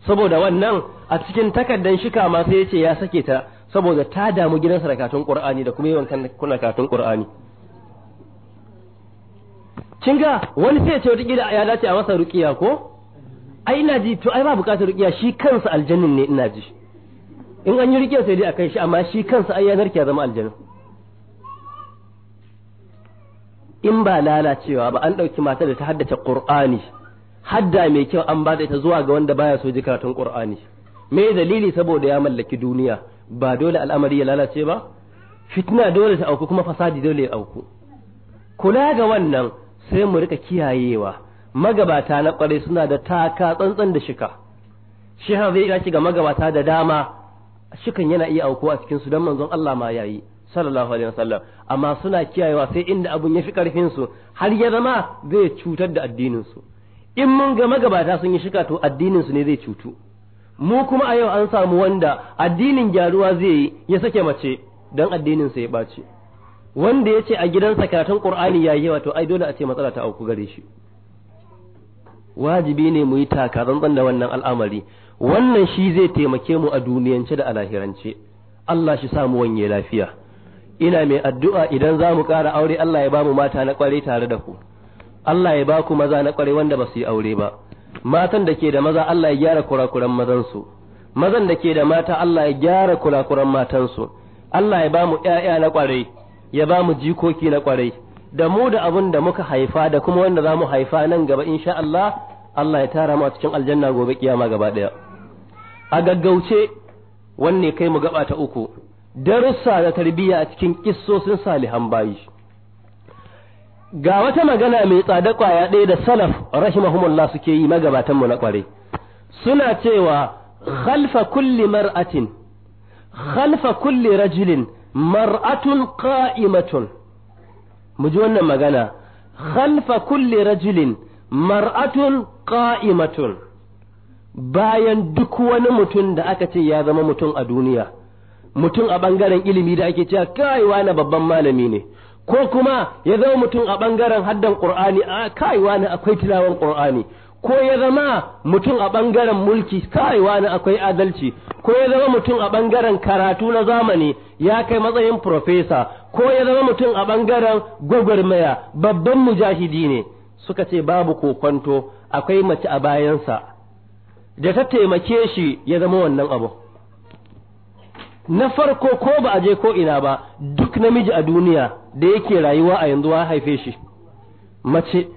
saboda wannan a cikin takardan shika ma sai yace ya sake ta saboda ta damu gidansa da karatun Qur'ani da kuma yawan kunna karatun Qur'ani kin ga wani sai ce wata ya dace a masa ruqiya ko ai ina ji to ai ba buƙatar ruqiya shi kansa aljannin ne ina ji in an yi ruqiya sai dai akai shi amma shi kansa ai ya narke zama aljannin in ba lalacewa ba an ɗauki matar da ta haddace qur'ani hadda mai kyau an ba da ita zuwa ga wanda baya so ji karatun qur'ani me dalili saboda ya mallaki duniya ba dole al'amari ya lalace ba fitna dole ta auku kuma fasadi dole ya auku kula ga wannan sai mu rika kiyayewa magabata na kware suna da taka tsantsan da shika shi har zai gashi ga magabata da dama shikan yana iya auko cikin su dan manzon Allah ma yayi sallallahu alaihi wasallam amma suna kiyayewa sai inda abun ya fi karfin su har ya zama zai cutar da addinin su in mun ga magabata sun yi shika to addinin su ne zai cutu mu kuma a yau an samu wanda addinin gyaruwa zai yi ya sake mace dan addinin sa ya bace. wanda ya ce a gidansa karatun ya yi yawa to ai dole a ce matsala ta auku gare shi wajibi ne mu yi takatsantsan da wannan al'amari wannan shi zai taimake mu a duniyance da alahirance. Allah shi sa mu wanye lafiya ina mai addu'a idan za mu ƙara aure Allah ya ba mu mata na ƙware tare da ku Allah ya ba ku maza na ƙware wanda ba su yi aure ba matan da ke da maza Allah ya gyara kurakuran mazansu mazan da ke da mata Allah ya gyara kurakuran matansu Allah ya ba mu ‘ya'ya na ƙware ya ba mu jikoki na kwarai da mu da abin da muka haifa da kuma wanda za mu haifa nan gaba insha Allah Allah ya tara mu a cikin aljanna gobe kiyama gaba daya a gaggauce wanne kai mu gaba ta uku darussa da tarbiyya a cikin kissosin salihan bayi ga wata magana mai tsada kwaya ɗaya da salaf rahimahumullah suke yi magabatan mu na kware suna cewa khalfa kulli mar'atin khalfa kulli rajulin mar'atun qa'imatun mu wannan magana khalfa kulli rajulin mar'atun qa'imatun bayan duk wani mutum da aka ce ya zama mutum a duniya mutum a bangaren ilimi da ake cewa kai wani babban malami ne ko kuma ya zama mutum a ɓangaren haddan qur'ani a kai wani akwai tilawan qur'ani ko ya zama mutum a ɓangaren mulki kai wani akwai adalci ko ya zama mutum a ɓangaren karatu na zamani ya kai matsayin profesa ko ya zama mutum a ɓangaren gwagwarmaya babban mujahidi ne suka ce babu kokwanto akwai mace a bayansa da ta taimake shi ya zama wannan abu na farko ko ba a je ko ina ba duk namiji a duniya da yake rayuwa a yanzu ya haife shi mace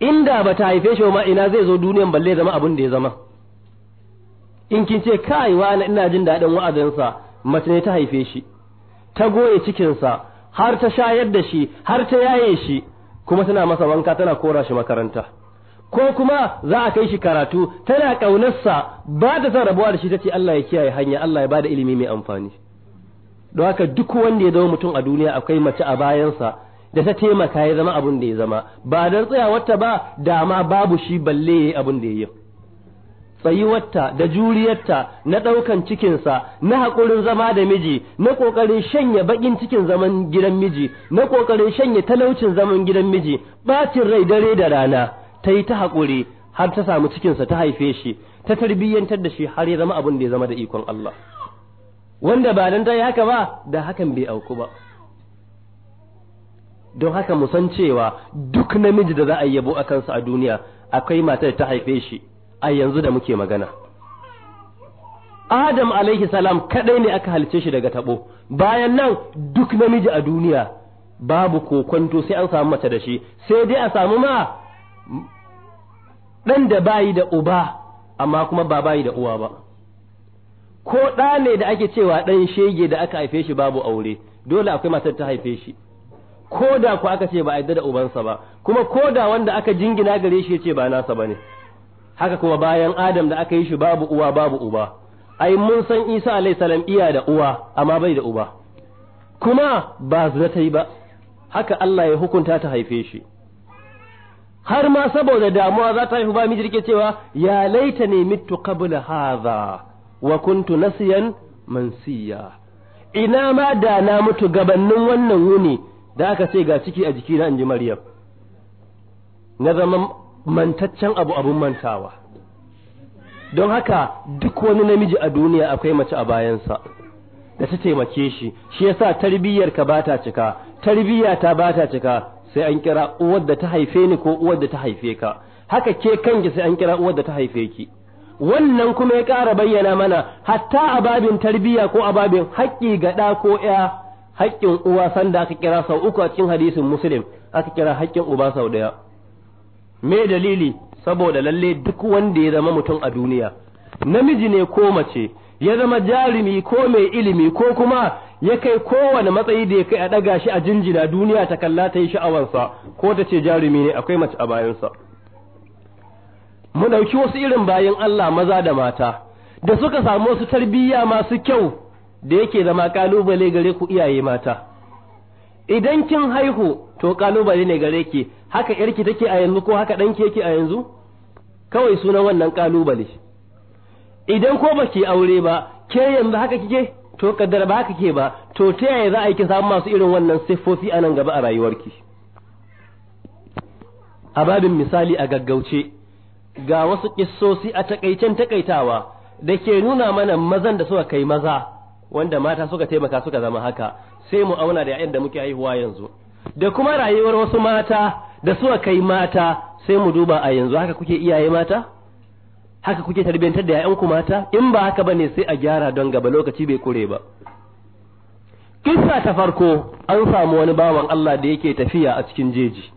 inda ba ta haife shi ma ina zai zo duniyan balle zama abin da ya zama in kin ce kai wa ina jin daɗin sa mace ne ta haife shi ta goye cikinsa har ta shayar da shi har ta yaye shi kuma tana masa wanka tana kora shi makaranta ko kuma za a kai shi karatu tana ƙaunarsa ba ta son rabuwa da shi ta ce Allah ya kiyaye hanya Allah ya bada ilimi mai amfani don haka duk wanda ya zama mutum a duniya akwai mace a bayansa da ta taimaka ya zama abin da ya zama ba don tsayawarta ba dama babu shi balle ya yi abin da ya yi tsayuwarta da juriyarta na ɗaukan cikinsa na haƙurin zama da miji na ƙoƙarin shanya baƙin cikin zaman gidan miji na ƙoƙarin shanya talaucin zaman gidan miji ɓacin rai dare da rana ta yi ta haƙuri har ta samu cikinsa ta haife shi ta tarbiyyantar da shi har ya zama abin da ya zama da ikon Allah wanda ba dan ta yi haka ba da hakan bai auku ba don haka mu san cewa duk namiji da za a yabo a kansa a duniya akwai matar ta haife shi a yanzu da muke magana Adam alaihi salam kadai ne aka halice shi daga tabo bayan nan duk namiji a duniya babu kokonto sai an samu mace da shi sai dai a samu ma dan da bayi da uba amma kuma ba bayi da uwa ba ko ɗa ne da ake cewa ɗan shege da aka haife shi babu aure dole akwai matar ta haife shi ko da ku aka ce ba a yarda da ubansa ba kuma ko da wanda aka jingina gare shi ya ce ba nasa bane haka kuma bayan adam da aka yi shi babu uwa babu uba ai mun san isa alayhi salam iya da uwa amma bai da uba kuma ba zina ta yi ba haka Allah ya hukunta ta haife shi har ma saboda damuwa za ta haifi ba miji rike cewa ya laita ne mitu qabla hadha wa kuntu nasiyan mansiya ina ma da na mutu gabannin wannan wuni da aka ce ga ciki a jiki na inji maryam na zama mantaccen abu abun mantawa don haka duk wani namiji a duniya akwai mace a bayansa da ta taimake shi shi yasa tarbiyyar ka bata cika tarbiyya ta bata cika sai an kira uwar da ta haife ni ko uwar da ta haife ka haka ke kanki sai an kira uwar da ta haife ki wannan kuma ya ƙara bayyana mana hatta a babin tarbiyya ko a babin haƙƙi ga ɗa ko ya haƙƙin uwa sanda aka kira sau uku a cikin hadisin muslim aka kira haƙƙin uba sau ɗaya me dalili saboda lalle duk wanda ya zama mutum a duniya namiji ne ko mace ya zama jarumi ko mai ilimi ko kuma ya kai kowane matsayi da ya kai a ɗaga shi a jinjina duniya ta kalla ta yi sha'awarsa ko ta ce jarumi ne akwai mace a bayansa mu ɗauki wasu irin bayan Allah maza da mata da suka samu wasu tarbiyya masu kyau da yake zama kalubale gare ku iyaye mata idan kin haihu to kalubale ne gare ki haka yarki take a yanzu ko haka danki yake a yanzu kawai sunan wannan kalubale idan ko baki aure ba ke yanzu haka kike to kaddara ba haka ke ba to ta yaya za a yi ki samu masu irin wannan siffofi a nan gaba a rayuwarki a babin misali a gaggauce ga wasu kissosi a takaicen takaitawa da ke nuna mana mazan da suka kai maza wanda mata suka taimaka suka zama haka sai mu auna da yayin da muke haihuwa yanzu da kuma rayuwar wasu mata da suka kai mata sai mu duba a yanzu haka kuke iyaye mata haka kuke tarbiyantar da yayanku mata in ba haka bane sai a gyara don gaba lokaci bai kure ba kissa ta farko an samu wani bawan Allah da yake tafiya a cikin jeji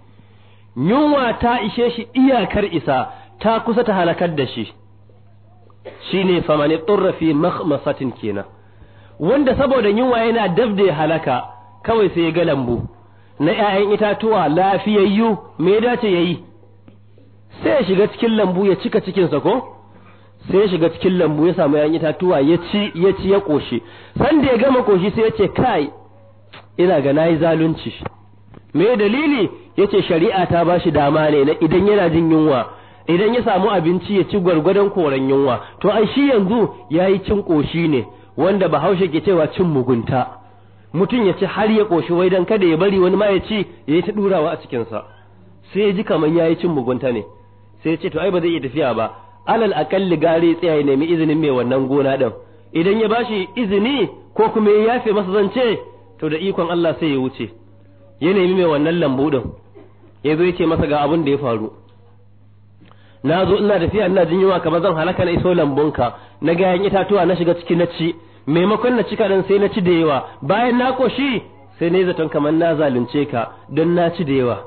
yunwa ta ishe shi iyakar isa ta kusa ta halakar da shi shine famani turra fi makhmasatin kenan wanda saboda yunwa yana daf da halaka kawai sai ya ga lambu na 'ya'yan itatuwa lafiyayyu me ya dace yayi sai ya shiga cikin lambu ya cika cikinsa ko sai ya shiga cikin lambu ya samu ƴaƴan itatuwa ya ci ya ci ya koshi san da ya gama koshi sai ya ce kai ina ga nayi zalunci me dalili yace shari'a ta bashi dama ne na idan yana jin yunwa idan ya samu abinci ya ci gwargwadon koren yunwa to ai shi yanzu yayi cin koshi ne wanda bahaushe ke cewa cin mugunta mutum ya ci har ya ƙoshi wai dan kada ya bari wani ma ya ci ya yi ta ɗurawa a cikinsa sai ya ji kamar ya yi cin mugunta ne sai ya ce to ai ba zai iya tafiya ba alal akalli gare tsaya ya nemi izinin mai wannan gona ɗin idan ya bashi izini ko kuma ya yafe masa zance to da ikon Allah sai ya wuce ya nemi mai wannan lambu ɗin ya zo ya ce masa ga abin da ya faru na zo ina da fiya ina jin yunwa kamar zan halaka na iso lambunka na ga yan itatuwa na shiga ciki na ci maimakon na ci kaɗan sai na ci da yawa bayan na koshi sai na yi zaton kamar na zalunce ka don na ci da yawa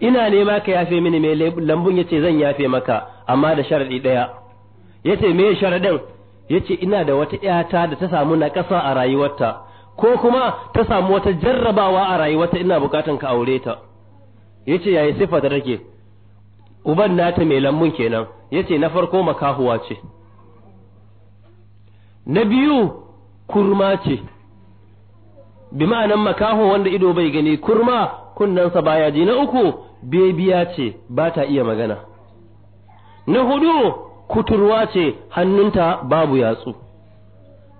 ina nema ka yafe mini mai lambun ya ce zan yafe maka amma da sharaɗi ɗaya ya ce me sharadin ya ce ina da wata ‘yata da ta samu na ƙasa a rayuwarta ko kuma ta samu wata jarrabawa a rayuwarta ina bukatan ka aure ta ya ce yayi sifa ta take uban nata mai lammun kenan yace na farko makahuwa ce na biyu kurma ce bi ma'anan makaho wanda ido bai gani kurma kunnensa baya ji na uku bebiya ce ba ta iya magana na hudu kuturwa ce hannunta babu yatsu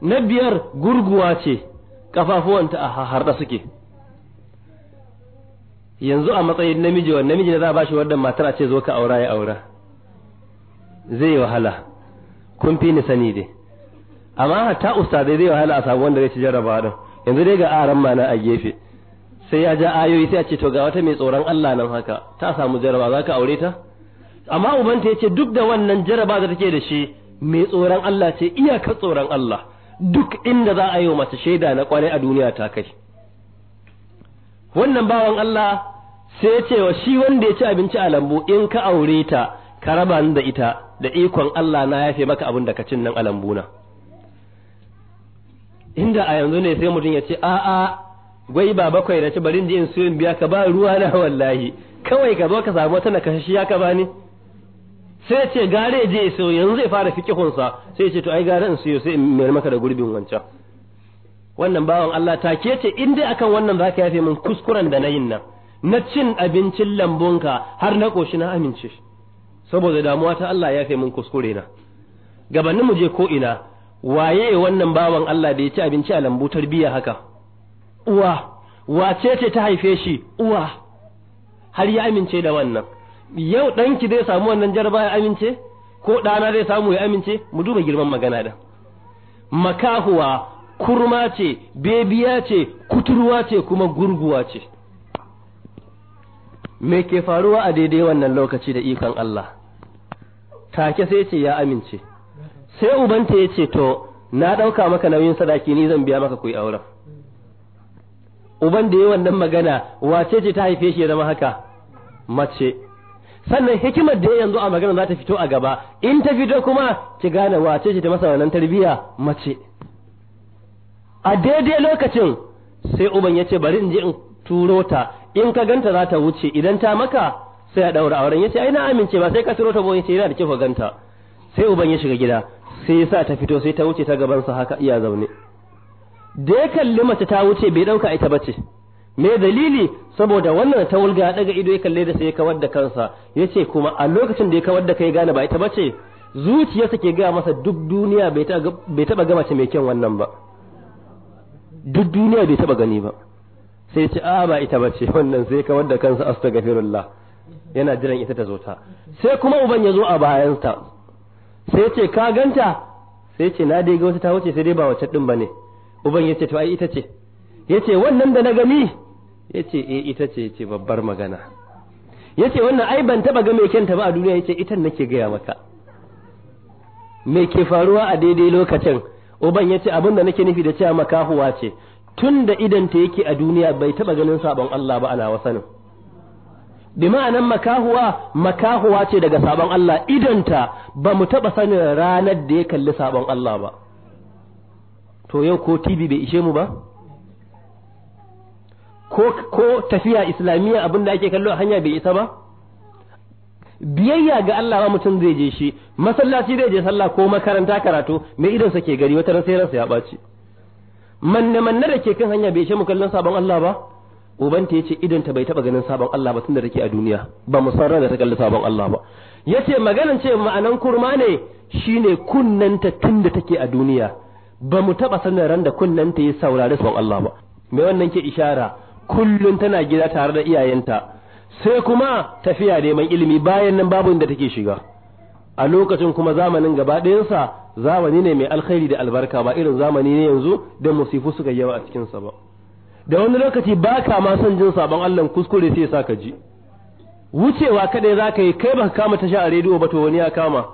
na biyar gurguwa ce ƙafafuwanta a harɗa suke yanzu a matsayin namiji wa namiji za a bashi wannan matar a ce zo ka aura ya aura zai yi wahala kun fi ni sani dai amma hatta ustazai zai wahala a samu wanda zai ci jarraba don yanzu dai ga aran mana a gefe sai ya ja ayoyi sai a ce to ga wata mai tsoron Allah nan haka ta samu jarraba za ka aure ta amma ubanta ya ce duk da wannan jarraba da take da shi mai tsoron Allah ce iyakar tsoron Allah duk inda za a yi wa mace shaida na kwarai a duniya ta kai wannan bawan Allah sai ya ce wa shi wanda ya ci abinci a lambu in ka aure ta ka raba ni da ita da ikon Allah na yafe maka abin da ka cin nan a lambu na. inda a yanzu ne sai mutum ya ce a gwai ba bakwai da ci barin ji in suyin biya ka ba ruwa na wallahi kawai ka zo ka samu wata ya ka bani sai ce gare je so yanzu zai fara fikihunsa sai ce to ai gare in suyo sai in mayar maka da gurbin wancan wannan bawan Allah ta ce in dai akan wannan zaka yafe min kuskuren da na yin nan na cin abincin lambunka har na koshi na amince saboda damuwa ta Allah ya yafe min kuskure na gabanin mu je ko ina waye wannan bawan Allah da ya ci abinci a lambu tarbiya haka uwa wace ce ta haife shi uwa har ya amince da wannan yau ɗanki zai samu wannan jarba ya amince ko ɗana zai samu ya amince mu duba girman magana da makahuwa kurma ce bebiya ce kuturwa ce kuma gurguwa ce me ke faruwa a daidai wannan lokaci da ikon Allah take sai ce ya amince sai ubanta ya ce to na ɗauka maka nauyin sadaki ni zan biya maka kuyi auren uban da ya wannan magana wace ce ta haife shi ya zama haka mace sannan hikimar da yanzu a magana za ta fito a gaba in ta fito kuma ki gane wace ce ta masa wannan tarbiyya mace a daidai lokacin sai uban ya ce bari in je in turo ta in ka ganta za ta wuce idan ta maka sai a daura auren ya ce ai na amince ba sai ka turo ta ba yace yana da kyau ka ganta sai uban ya shiga gida sai sa ta fito sai ta wuce ta gaban sa haka iya zaune da ya kalli mace ta wuce bai dauka ita bace me dalili saboda wannan ta wulga ya daga ido ya kalli da sai ya kawar da kansa yace kuma a lokacin da ya kawar da kai gane ba ita bace zuciyarsa ke gaya masa duk duniya bai taba gama mace mai kyan wannan ba duk duniya bai taba gani ba sai ce a ba ita bace wannan sai ka wanda kansa astaghfirullah yana jiran ita ta zo ta sai kuma uban ya zo a ta sai ce ka ganta sai ce na dai ga wata ta wuce sai dai ba wacce din bane uban ya ce to ai ita ce ya ce wannan da na gami ya ce eh ita ce ce babbar magana ya ce wannan ai ban taba ga mai kyanta ba a duniya ya ce ita nake gaya maka me ke faruwa a daidai lokacin uban ce abin da nake nufi da cewa makahuwa ce tun da idanta yake a duniya bai taba ganin sabon Allah ba ana wasanin bi ma'anan makahuwa makahuwa ce daga sabon Allah idanta ba mu taba sanin ranar da ya kalli sabon Allah ba to yau ko TV bai ishe mu ba ko ko tafiya islamiyya abin da ake kallo a hanya bai isa ba biyayya ga Allah ba mutum zai je shi masallaci zai je sallah ko makaranta karatu mai idan sa ke gari wata ran sai ransa ya baci. manne manne da ke kan hanya bai mu kallon sabon Allah ba ubanta yace idan ta bai taba ganin sabon Allah ba tunda take a duniya ba musarra da ta kalli sabon Allah ba yace maganan ce ma'anan kurma ne shine kunnanta tunda take a duniya ba mu taba sanin ran da kunnanta ya saurari sabon Allah ba mai wannan ke ishara kullun tana gida tare da iyayenta sai kuma tafiya neman ilimi bayan nan babu inda take shiga a lokacin kuma zamanin gaba ɗayansa zamani ne mai alkhairi da albarka ba irin zamani ne yanzu da musifu suka yawa a cikinsa ba da wani lokaci ba ka ma son jin sabon Allah kuskure sai sa ka ji wucewa kadai za ka yi kai ba ka kama tasha a rediyo ba to wani ya kama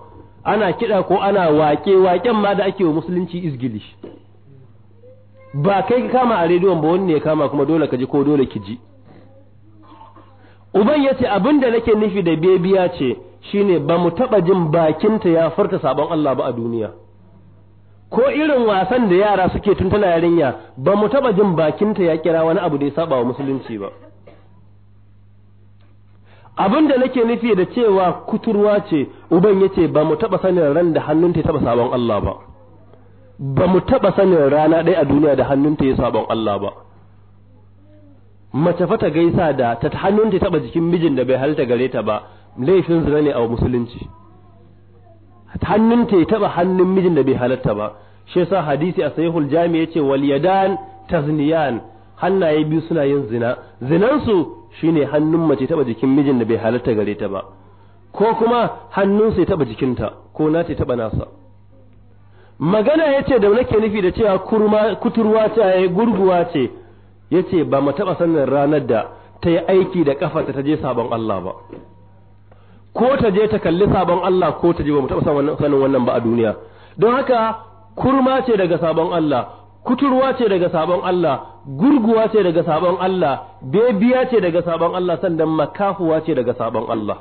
ana kiɗa ko ana waƙe waken ma da ake wa musulunci izgilish ba kai ka kama a rediyon ba wani ne ya kama kuma dole ka ji ko dole ki ji uban ya ce abin da nake nufi da bebiya ce shine ba mu taɓa jin bakinta ya furta sabon Allah ba a duniya ko irin wasan da yara suke tun tana yarinya ba mu taɓa jin bakinta ya kira wani abu da ya saba wa musulunci ba abin da nake nufi da cewa kuturwa ce uban ya ce ba mu taɓa sanin ran da hannunta ya taɓa sabon Allah ba ba mu taɓa sanin rana ɗaya a duniya da hannunta ya sabon Allah ba mace fata gaisa da ta hannun ta taba jikin mijin da bai halta gare ta ba laifin zina ne a musulunci hannun ta taba hannun mijin da bai halatta ba shi yasa hadisi a sahihul jami yace wal yadan tazniyan hannaye biyu suna yin zina zinan su shine hannun mace taba jikin mijin da bai halatta gare ta ba ko kuma hannun ya taba jikinta ko na ta taba nasa magana yace da nake nufi da cewa kurma kuturwa ce gurguwa ce Ya ce ba mu taba sanin ranar da ta yi aiki da kafarta ta je sabon Allah ba ko ta je ta kalli sabon Allah ko ta je ba mu taba sanin wannan ba a duniya don haka kurma ce daga sabon Allah kuturwa ce daga sabon Allah gurguwa ce daga sabon Allah bebiya ce daga sabon Allah sannan makafuwa ce daga sabon Allah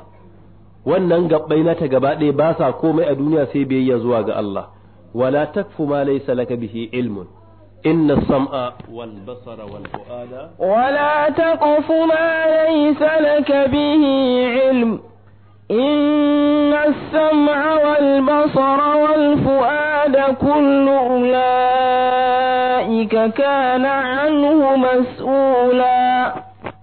wannan gabbai na ta gaba ɗaya ba sa komai a duniya sai biyayya zuwa ga Allah wala takfu ma laysa laka bihi ilmun إن الصمأ والبصر والفؤاد ولا تقف ما ليس لك به علم إن السمع والبصر والفؤاد كل أولئك كان عنه مسؤولا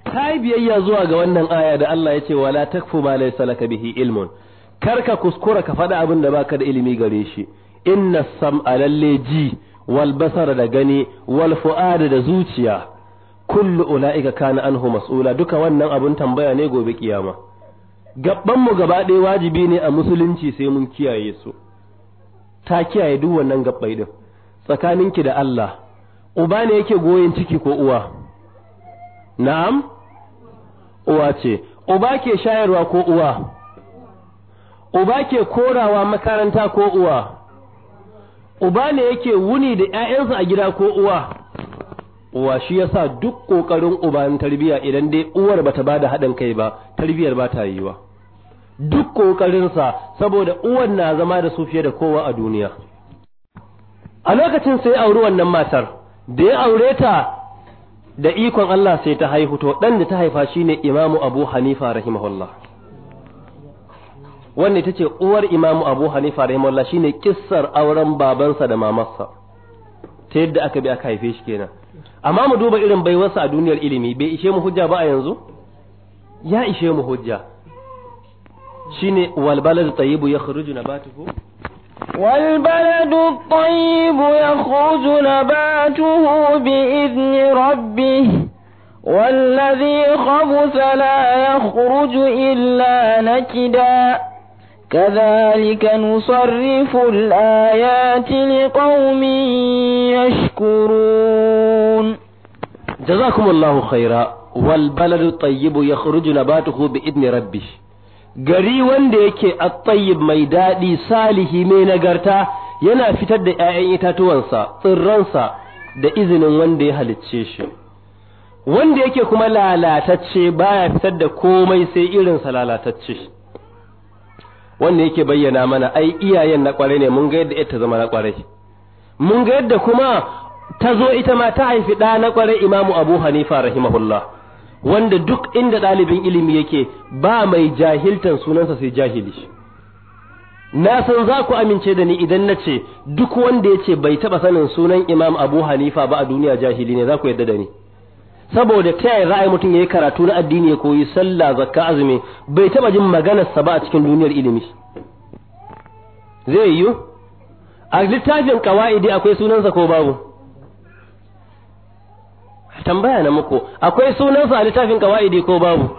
هاي بيأي يزوى قوانا آية دا الله يتي ولا تكف ما ليس لك به علم كركا كسكورك فدع بندباك دا إلي قريشي إن السمع للي جي wal basara da gani wal fu'ada da zuciya kullu ka kana anhu mas'ula duka wannan abun tambaya ne gobe kiyama gabban mu gaba ɗaya wajibi ne a musulunci sai mun kiyaye su ta kiyaye duk wannan gabbai din tsakaninki da Allah uba ne yake goyen ciki ko uwa na'am uwa ce uba ke shayarwa ko uwa uba ke korawa makaranta ko uwa uba ne yake wuni da ‘ya'yansa a gida ko uwa uwa shi yasa duk ƙoƙarin uban tarbiyya idan dai uwar bata bada haɗin kai ba tarbiyyar ba ta yiwa duk ƙoƙarinsa saboda uwan na zama da su fiye da kowa a duniya a lokacin sai auri wannan matar da ya aure ta da ikon Allah sai ta haihu to ɗan da ta haifa shine Imamu Abu Hanifa rahimahullah wanne ita ce uwar imamu abu hanifa shi ne kissar auren babansa da mamarsa ta yadda aka bi aka haife shi kenan amma mu duba irin baiwarsa a duniyar ilimi bai ishe mu hujja ba a yanzu ya ishe mu hujja shine wal baladu tayyibu yakhruju nabatuhu والبلد الطيب يخرج نباته بإذن ربه والذي خبث لا يخرج إلا نكدا كذلك نصرف الآيات لقوم يشكرون جزاكم الله خيرا والبلد الطيب يخرج نباته بإذن ربه gari wanda yake at-tayyib mai daɗi salihi mai nagarta yana fitar da ‘ya'yan itatuwansa tsirransa da izinin wanda ya halicce shi wanda yake kuma lalatacce baya fitar da komai sai irinsa lalatacce wanda yake bayyana mana ai iyayen na kwarai ne mun ga yadda ta zama na kwarai mun ga yadda kuma ta zo ita ma ta haifi ɗa na kware imamu abu hanifa rahimahullah wanda duk inda ɗalibin ilimi yake ba mai jahiltan sunansa sai jahili na san za ku amince da ni idan na ce duk wanda ya ce bai taɓa sanin sunan imam abu hanifa ba a duniya jahili ne za ku yadda da ni saboda ta yaya za a yi mutum ya yi karatu na addini ya koyi sallah zakka azumi bai taba jin maganarsa ba a cikin duniyar ilimi zai yiwu a littafin kawa'idi akwai sunansa ko babu tambaya na muku akwai sunansa a littafin kawa'idi ko babu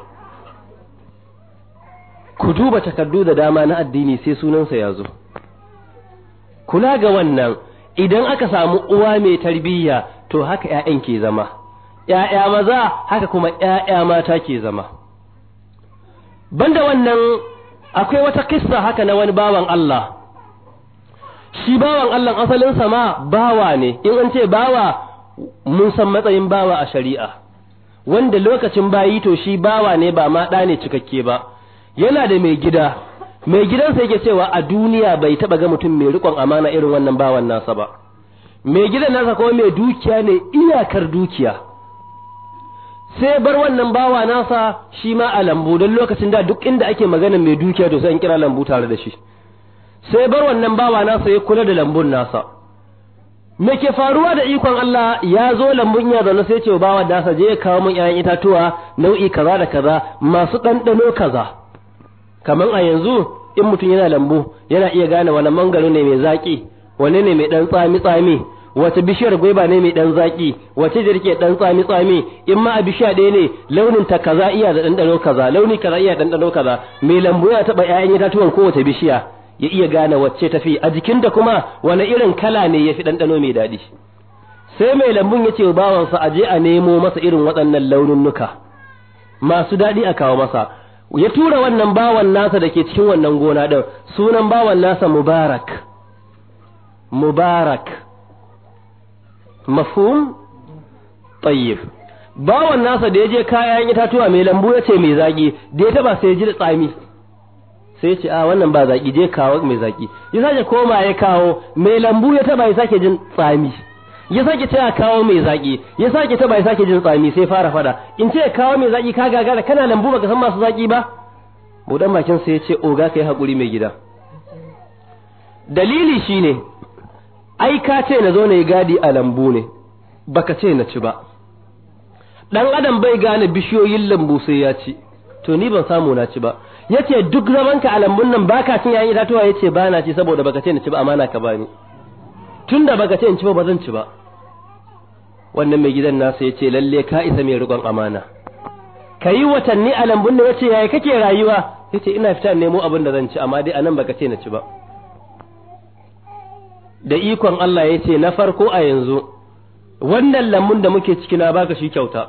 ku duba takardu da dama na addini sai sunansa ya zo kula ga wannan idan aka samu uwa mai tarbiyya to haka 'ya'yan ke zama ‘ya'ya maza haka kuma ‘ya'ya mata ke zama. Banda wannan akwai wata kissa haka na wani bawan Allah, shi bawan Allah asalin sama bawa ne, in an ce bawa mun san matsayin bawa a shari'a, wanda lokacin bayi to shi bawa ne ba ma ɗa ne cikakke ba, yana da mai gida, mai gidansa yake cewa a duniya bai taɓa ga mutum mai riƙon amana irin wannan bawan nasa ba. Mai gidan nasa ko mai dukiya ne iyakar dukiya. sai bar wannan bawa nasa shi ma a lambu don lokacin da duk inda ake magana mai dukiya to sai an kira lambu tare da shi sai bar wannan bawa nasa ya kula da lambun nasa me ke faruwa da ikon Allah ya zo lambun ya zaune sai ce bawa nasa je ya kawo mun 'ya'yan itatuwa nau'i kaza da kaza masu ɗanɗano kaza kamar a yanzu in mutum yana lambu yana iya gane wani mangaro ne mai zaƙi Wani ne mai ɗan tsami tsami wata bishiyar gwaiba ne mai dan zaki wace da rike dan tsami tsami in ma a bishiya ɗaya ne launin ta kaza iya da dandano kaza launi kaza iya da dandano kaza mai lambu ya taba ƴaƴan itatuwan kowace bishiya ya iya gane wacce tafi a jikin da kuma wani irin kala ne yafi ɗanɗano mai daɗi sai mai lambun ya ce wa bawansa a je a nemo masa irin waɗannan nuka masu daɗi a kawo masa ya tura wannan bawan nasa da ke cikin wannan gona ɗin sunan bawan nasa mubarak mubarak mafhum tayyib bawan nasa da ya je kayan itatuwa mai lambu ya ce mai zaki da ya taba sai ya ji da tsami sai ce a wannan ba zaki je kawo mai zaki ya sake koma ya kawo mai lambu ya taba ya sake jin tsami ya sake taya kawo mai zaki ya sake taba ya sake jin tsami sai fara fada in ce kawo mai zaki ka gagara kana lambu baka san masu zaki ba budan bakin sai ya ce oga kai hakuri mai gida dalili shine ai ka ce na zo na yi gadi a lambu ne baka ce na ci ba dan adam bai gane bishiyoyin lambu sai ya ci to ni ban samu na ci ba yace duk zaman ka a lambun nan baka cin yayin itatuwa yace ba na ci saboda baka ce na ci ba amana ka bani tunda baka ce in ci ba bazan zan ci ba wannan mai gidan nasa yace lalle ka isa mai riƙon amana kayi watanni a lambun nan yace yaya kake rayuwa yace ina fita nemo abin da zan ci amma dai anan baka ce na ci ba da ikon Allah ya ce na farko a yanzu wannan lamun da muke ciki na baka shi kyauta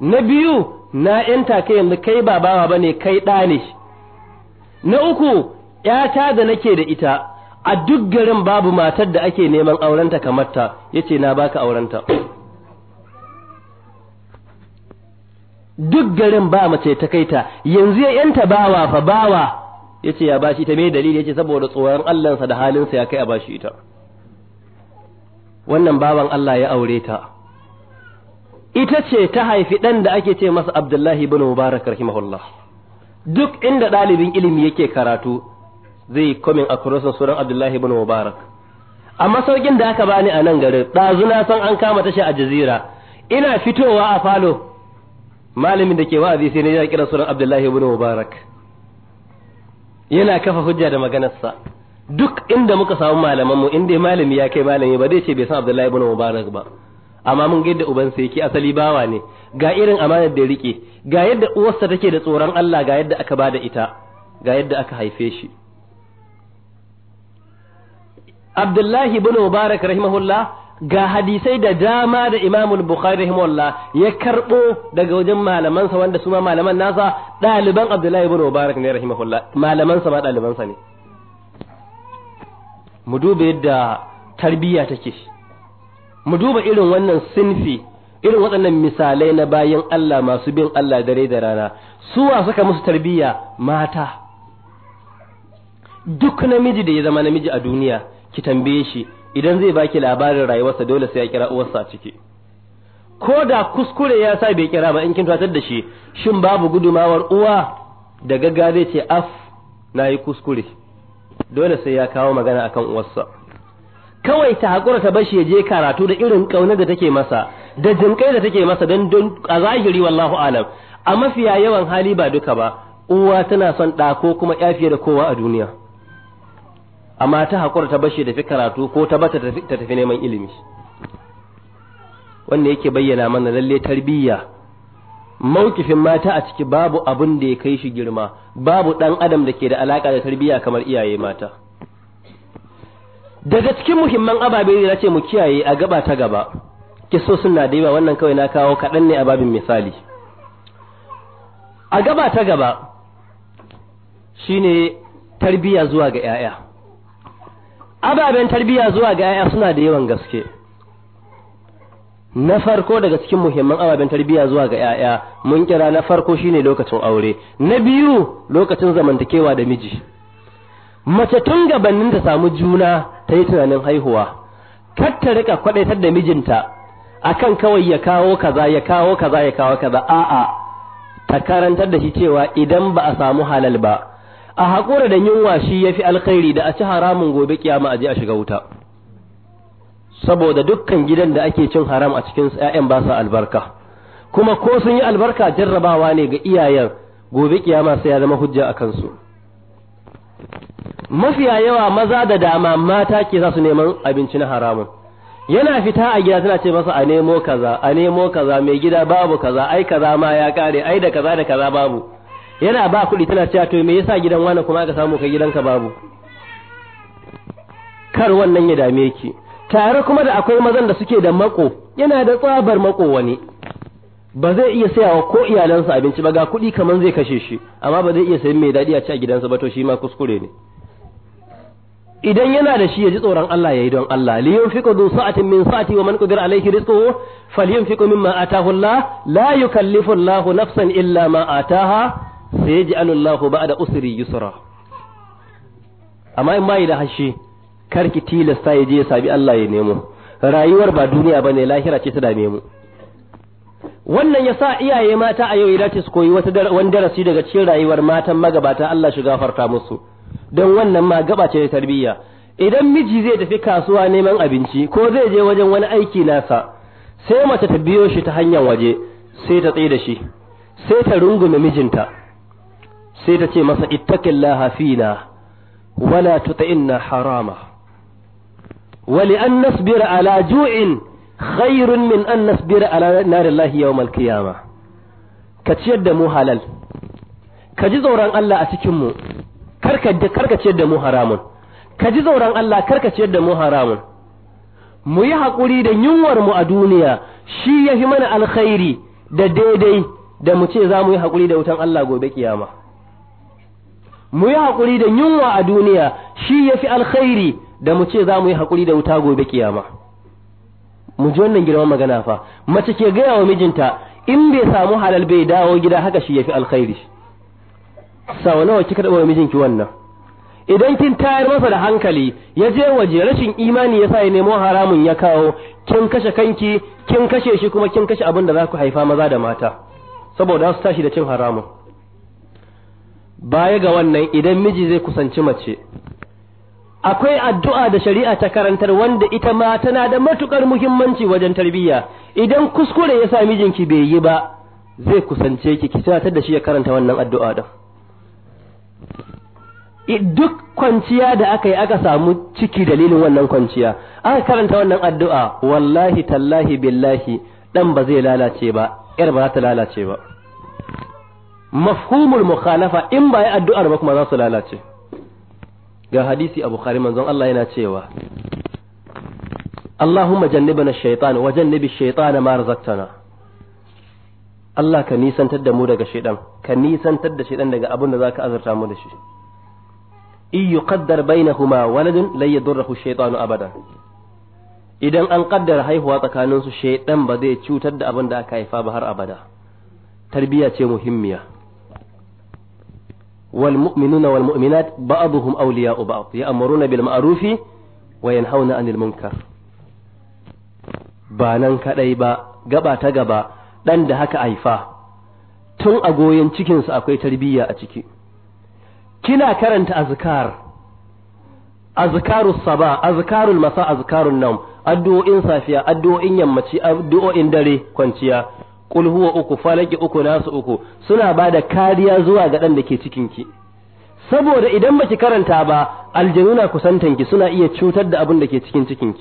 na biyu na ‘yanta ka yanzu kai ba bawa ba ne kai ɗa ne na uku ‘yata da nake da ita a duk garin babu matar da ake neman aurenta kamar ta ya ce na baka aurenta duk garin ba mace ta kaita yanzu ya ‘yanta bawa fa bawa Ya ce ya bashi ta me dalili yace saboda tsoron Allah sa da halinsa ya kai a bashi ita wannan baban Allah ya aure ta ita ce ta haifi ɗan da ake ce masa Abdullahi ibn Mubarak rahimahullah duk inda ɗalibin ilimi yake karatu zai komin a kurusun suran Abdullahi ibn Mubarak a masaukin da aka bani a nan garin ɗazuna san an kama tashi a jazira ina fitowa a falo malamin da ke wa'azi sai ne ya kira suran Abdullahi ibn Mubarak yana kafa hujja da maganarsa duk inda muka samu malaman mu inda malami ya kai malami ba zai ce bai san Abdullahi ibn Mubarak ba amma mun ga yadda ubansa yake asali bawa ne ga irin amanar da rike ga yadda uwarsa take da tsoron Allah ga yadda aka bada ita ga yadda aka haife shi Abdullahi ibn Mubarak rahimahullah ga hadisai da dama da Imam Bukhari rahimahullah ya karbo daga wajen malaman sa wanda su ma malaman nasa ɗaliban Abdullahi ibn Mubarak ne rahimahullah malaman sa ma ɗalibansa ne mu duba yadda tarbiyya take mu duba irin wannan sinfi irin waɗannan misalai na bayan Allah masu bin Allah dare da rana su wa suka musu tarbiyya mata duk namiji da ya zama namiji a duniya ki tambaye shi idan zai baki labarin rayuwarsa dole sai ya kira uwarsa ciki ko da kuskure ya sa bai kira ba in kin tatar da shi shin babu gudumawar uwa da gagga ce af na yi kuskure dole sai ya kawo magana akan uwarsa kawai ta hakura ta bashi ya je karatu da irin kauna da take masa da jinkai da take masa don don a zahiri wallahu alam a mafiya yawan hali ba duka ba uwa tana son ɗa ko kuma ya fiye da kowa a duniya amma ta haƙura ta bashi tafi karatu ko ta bata ta tafi neman ilimi wanda yake bayyana mana lalle tarbiyya mawkifin mata a ciki babu abin da ya kai shi girma babu ɗan adam da ke da alaƙa da tarbiyya kamar iyaye mata daga cikin muhimman ababe da ce mu kiyaye a gaba ta gaba kiso suna da yawa wannan kawai na kawo kaɗan ne a babin misali a gaba ta gaba shine tarbiyya zuwa ga 'ya'ya ababen tarbiyya zuwa ga yaya suna da yawan gaske na farko daga cikin muhimman ababen tarbiyya zuwa ga yaya mun kira na farko shine lokacin aure na biyu lokacin zamantakewa da miji mace tun gabanin ta samu juna ta yi tunanin haihuwa kar ta rika kwadaitar da mijinta akan kawai ya kawo kaza ya kawo kaza ya kawo kaza a'a ta karantar da shi cewa idan ba a samu halal ba a haƙura da yunwa shi ya fi alkhairi da a ci haramun gobe kiyama a je a shiga wuta saboda dukkan gidan da ake cin haram a cikin 'ya'yan ba sa albarka kuma ko sun yi albarka jarrabawa ne ga iyayen gobe kiyama sai ya zama hujja a kansu mafiya yawa maza da dama mata ke za su neman abinci na haramun yana fita a gida tana ce masa a nemo kaza a nemo kaza mai gida babu kaza ai kaza ma ya kare ai da kaza da kaza babu yana ba kuɗi tana cewa to me yasa gidan wani kuma aka samu kai gidanka babu kar wannan ya dame ki tare kuma da akwai mazan da suke da mako yana da tsabar mako wani ba zai iya sayawa ko iyalansa abinci ba ga kuɗi kaman zai kashe shi amma ba zai iya sayan mai daɗi a ci a gidansa ba to shi ma kuskure ne idan yana da shi ya ji tsoron Allah ya yi don Allah li yunfiqu du sa'atin min sa'ati wa man qadira alayhi rizquhu falyunfiqu mimma ataahu Allah la yukallifu Allahu nafsan illa ma ataaha sai ji alullahu ba da usri yusra amma in bai da hashi karki tilasta ya je ya sabi Allah ya nemo rayuwar ba duniya ba ne lahira ce ta dame mu wannan ya sa iyaye mata a yau idan su koyi wata wani darasi daga cikin rayuwar matan magabata Allah shi gafarta musu don wannan ma gaba ce ta tarbiyya idan miji zai tafi kasuwa neman abinci ko zai je wajen wani aiki nasa sai mace ta biyo shi ta hanyar waje sai ta tsaye da shi sai ta rungume mijinta sai ta ce masa ittaqillaha fina wala tuta'inna harama wali an nasbira ala ju'in khairun min an nasbira ala narillahi yawmal qiyama ka ciyar da mu halal ka ji tsoron Allah a cikin mu karka karka ciyar da mu haramun ka ji tsoron Allah karka ciyar da mu haramun mu yi haƙuri da yunwar mu a duniya shi yafi mana alkhairi da daidai da mu ce za mu yi haƙuri da wutan Allah gobe kiyama mu yi haƙuri da yunwa a duniya shi ya fi alkhairi da mu ce za mu yi haƙuri da wuta gobe kiyama mu ji wannan girman magana fa mace ke gaya wa mijinta in bai samu halal bai dawo gida haka shi ya fi alkhairi sau nawa kika ɗaɓa wa mijinki wannan idan kin tayar masa da hankali ya je waje rashin imani ya sa ya nemo haramun ya kawo kin kashe kanki kin kashe shi kuma kin kashe abin da za ku haifa maza da mata saboda su tashi da cin haramun baya ga wannan idan miji zai kusanci mace akwai addu'a da shari'a ta karantar wanda ita ma tana da matukar muhimmanci wajen tarbiyya idan kuskure ya sa mijinki bai yi ba zai kusance ki ki tunatar da shi ya karanta wannan addu'a din duk kwanciya da aka yi aka samu ciki dalilin wannan kwanciya aka karanta wannan addu'a wallahi tallahi billahi dan ba zai lalace ba yar ba za ta lalace ba mafhumul mukhalafa in ba ya addu'ar ba kuma za su lalace ga hadisi a bukhari manzon Allah yana cewa Allahumma jannibna ash-shaytan wa jannibi ash ma razaqtana Allah ka nisantar da mu daga shaidan ka nisantar da shaytan daga abin da zaka azurta mu da shi in yuqaddar bainahuma waladun la yadurruhu shaytan abada idan an kaddara haihuwa tsakanin su shaytan ba zai cutar da abin da aka haifa ba har abada tarbiya ce muhimmiya والمؤمنون والمؤمنات بعضهم أولياء بعض يأمرون بالمعروف وينهون عن المنكر ba nan kaɗai ba gaba ta gaba ɗan da haka haifa tun a goyon cikinsu akwai tarbiyya a ciki kina karanta azkar azkaru saba azkarul masa azkarun nam addu'o'in safiya addu'o'in yammaci addu'o'in dare kwanciya kul huwa uku falaki uku nasu uku suna ba da kariya zuwa ga dan da ke cikin saboda idan baki karanta ba aljanuna kusantan ki suna iya cutar da abin da ke cikin cikin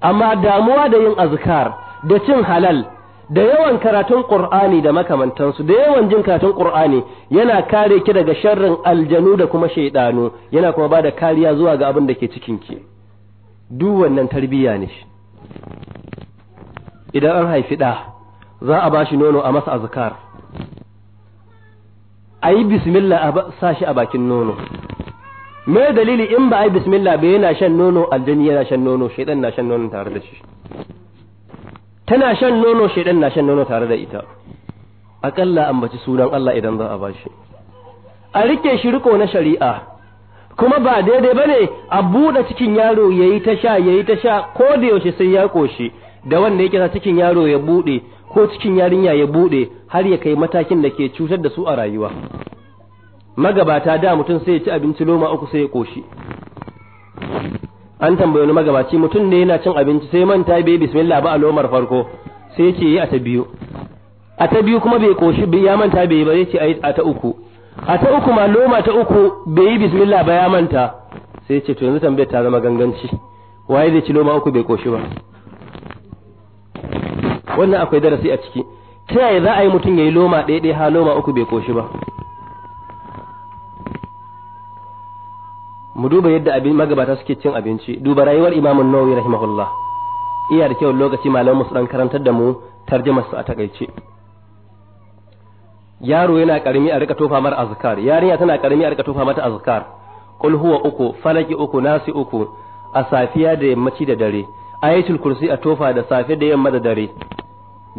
amma damuwa da yin azkar da cin halal da yawan karatun Qur'ani da makamantansu da yawan jin karatun Qur'ani yana kare ki daga sharrin aljanu da kuma shaidanu yana kuma ba da kariya zuwa ga abin da ke cikin ki duk wannan tarbiyya ne idan an haifi da za a bashi nono a masa azkar a yi bismillah a sa shi a bakin nono me dalili in ba a yi bismillah ba yana shan nono aljani yana shan nono shaidan na shan nono tare da shi tana shan nono shaidan na shan nono tare da ita akalla ambaci sunan Allah idan za a bashi a rike shi riko na shari'a kuma ba daidai bane a buɗe cikin yaro yayi ta sha yayi ta sha ko da yaushe sai ya koshi da wanda yake sa cikin yaro ya bude ko cikin yarinya ya bude har ya kai matakin da ke cutar da su a rayuwa magabata da mutum sai ya ci abinci loma uku sai ya koshi an tambaye wani magabaci mutum ne yana cin abinci sai manta bai bismillah ba a lomar farko sai ya ce yi a ta biyu a ta biyu kuma bai koshi ya manta bai ba zai ce a ta uku a ta uku ma loma ta uku bai yi bismillah ba ya manta sai ya ce to yanzu tambayar ta zama ganganci waye zai ci loma uku bai koshi ba wannan akwai darasi a ciki ta yaya za a yi mutum ya yi loma ɗaya ɗaya ha loma uku bai koshi ba mu duba yadda abin magabata suke cin abinci duba rayuwar imamun nawawi rahimahullah iya da kyau lokaci malamu su dan karantar da mu tarjumar su a takaice yaro yana karami a rika tofa mar azkar yarinya tana karami a rika tofa mata azkar qul huwa uku falaki uku nasi uku a safiya da yammaci da dare ayatul kursi a tofa da safe da yamma da dare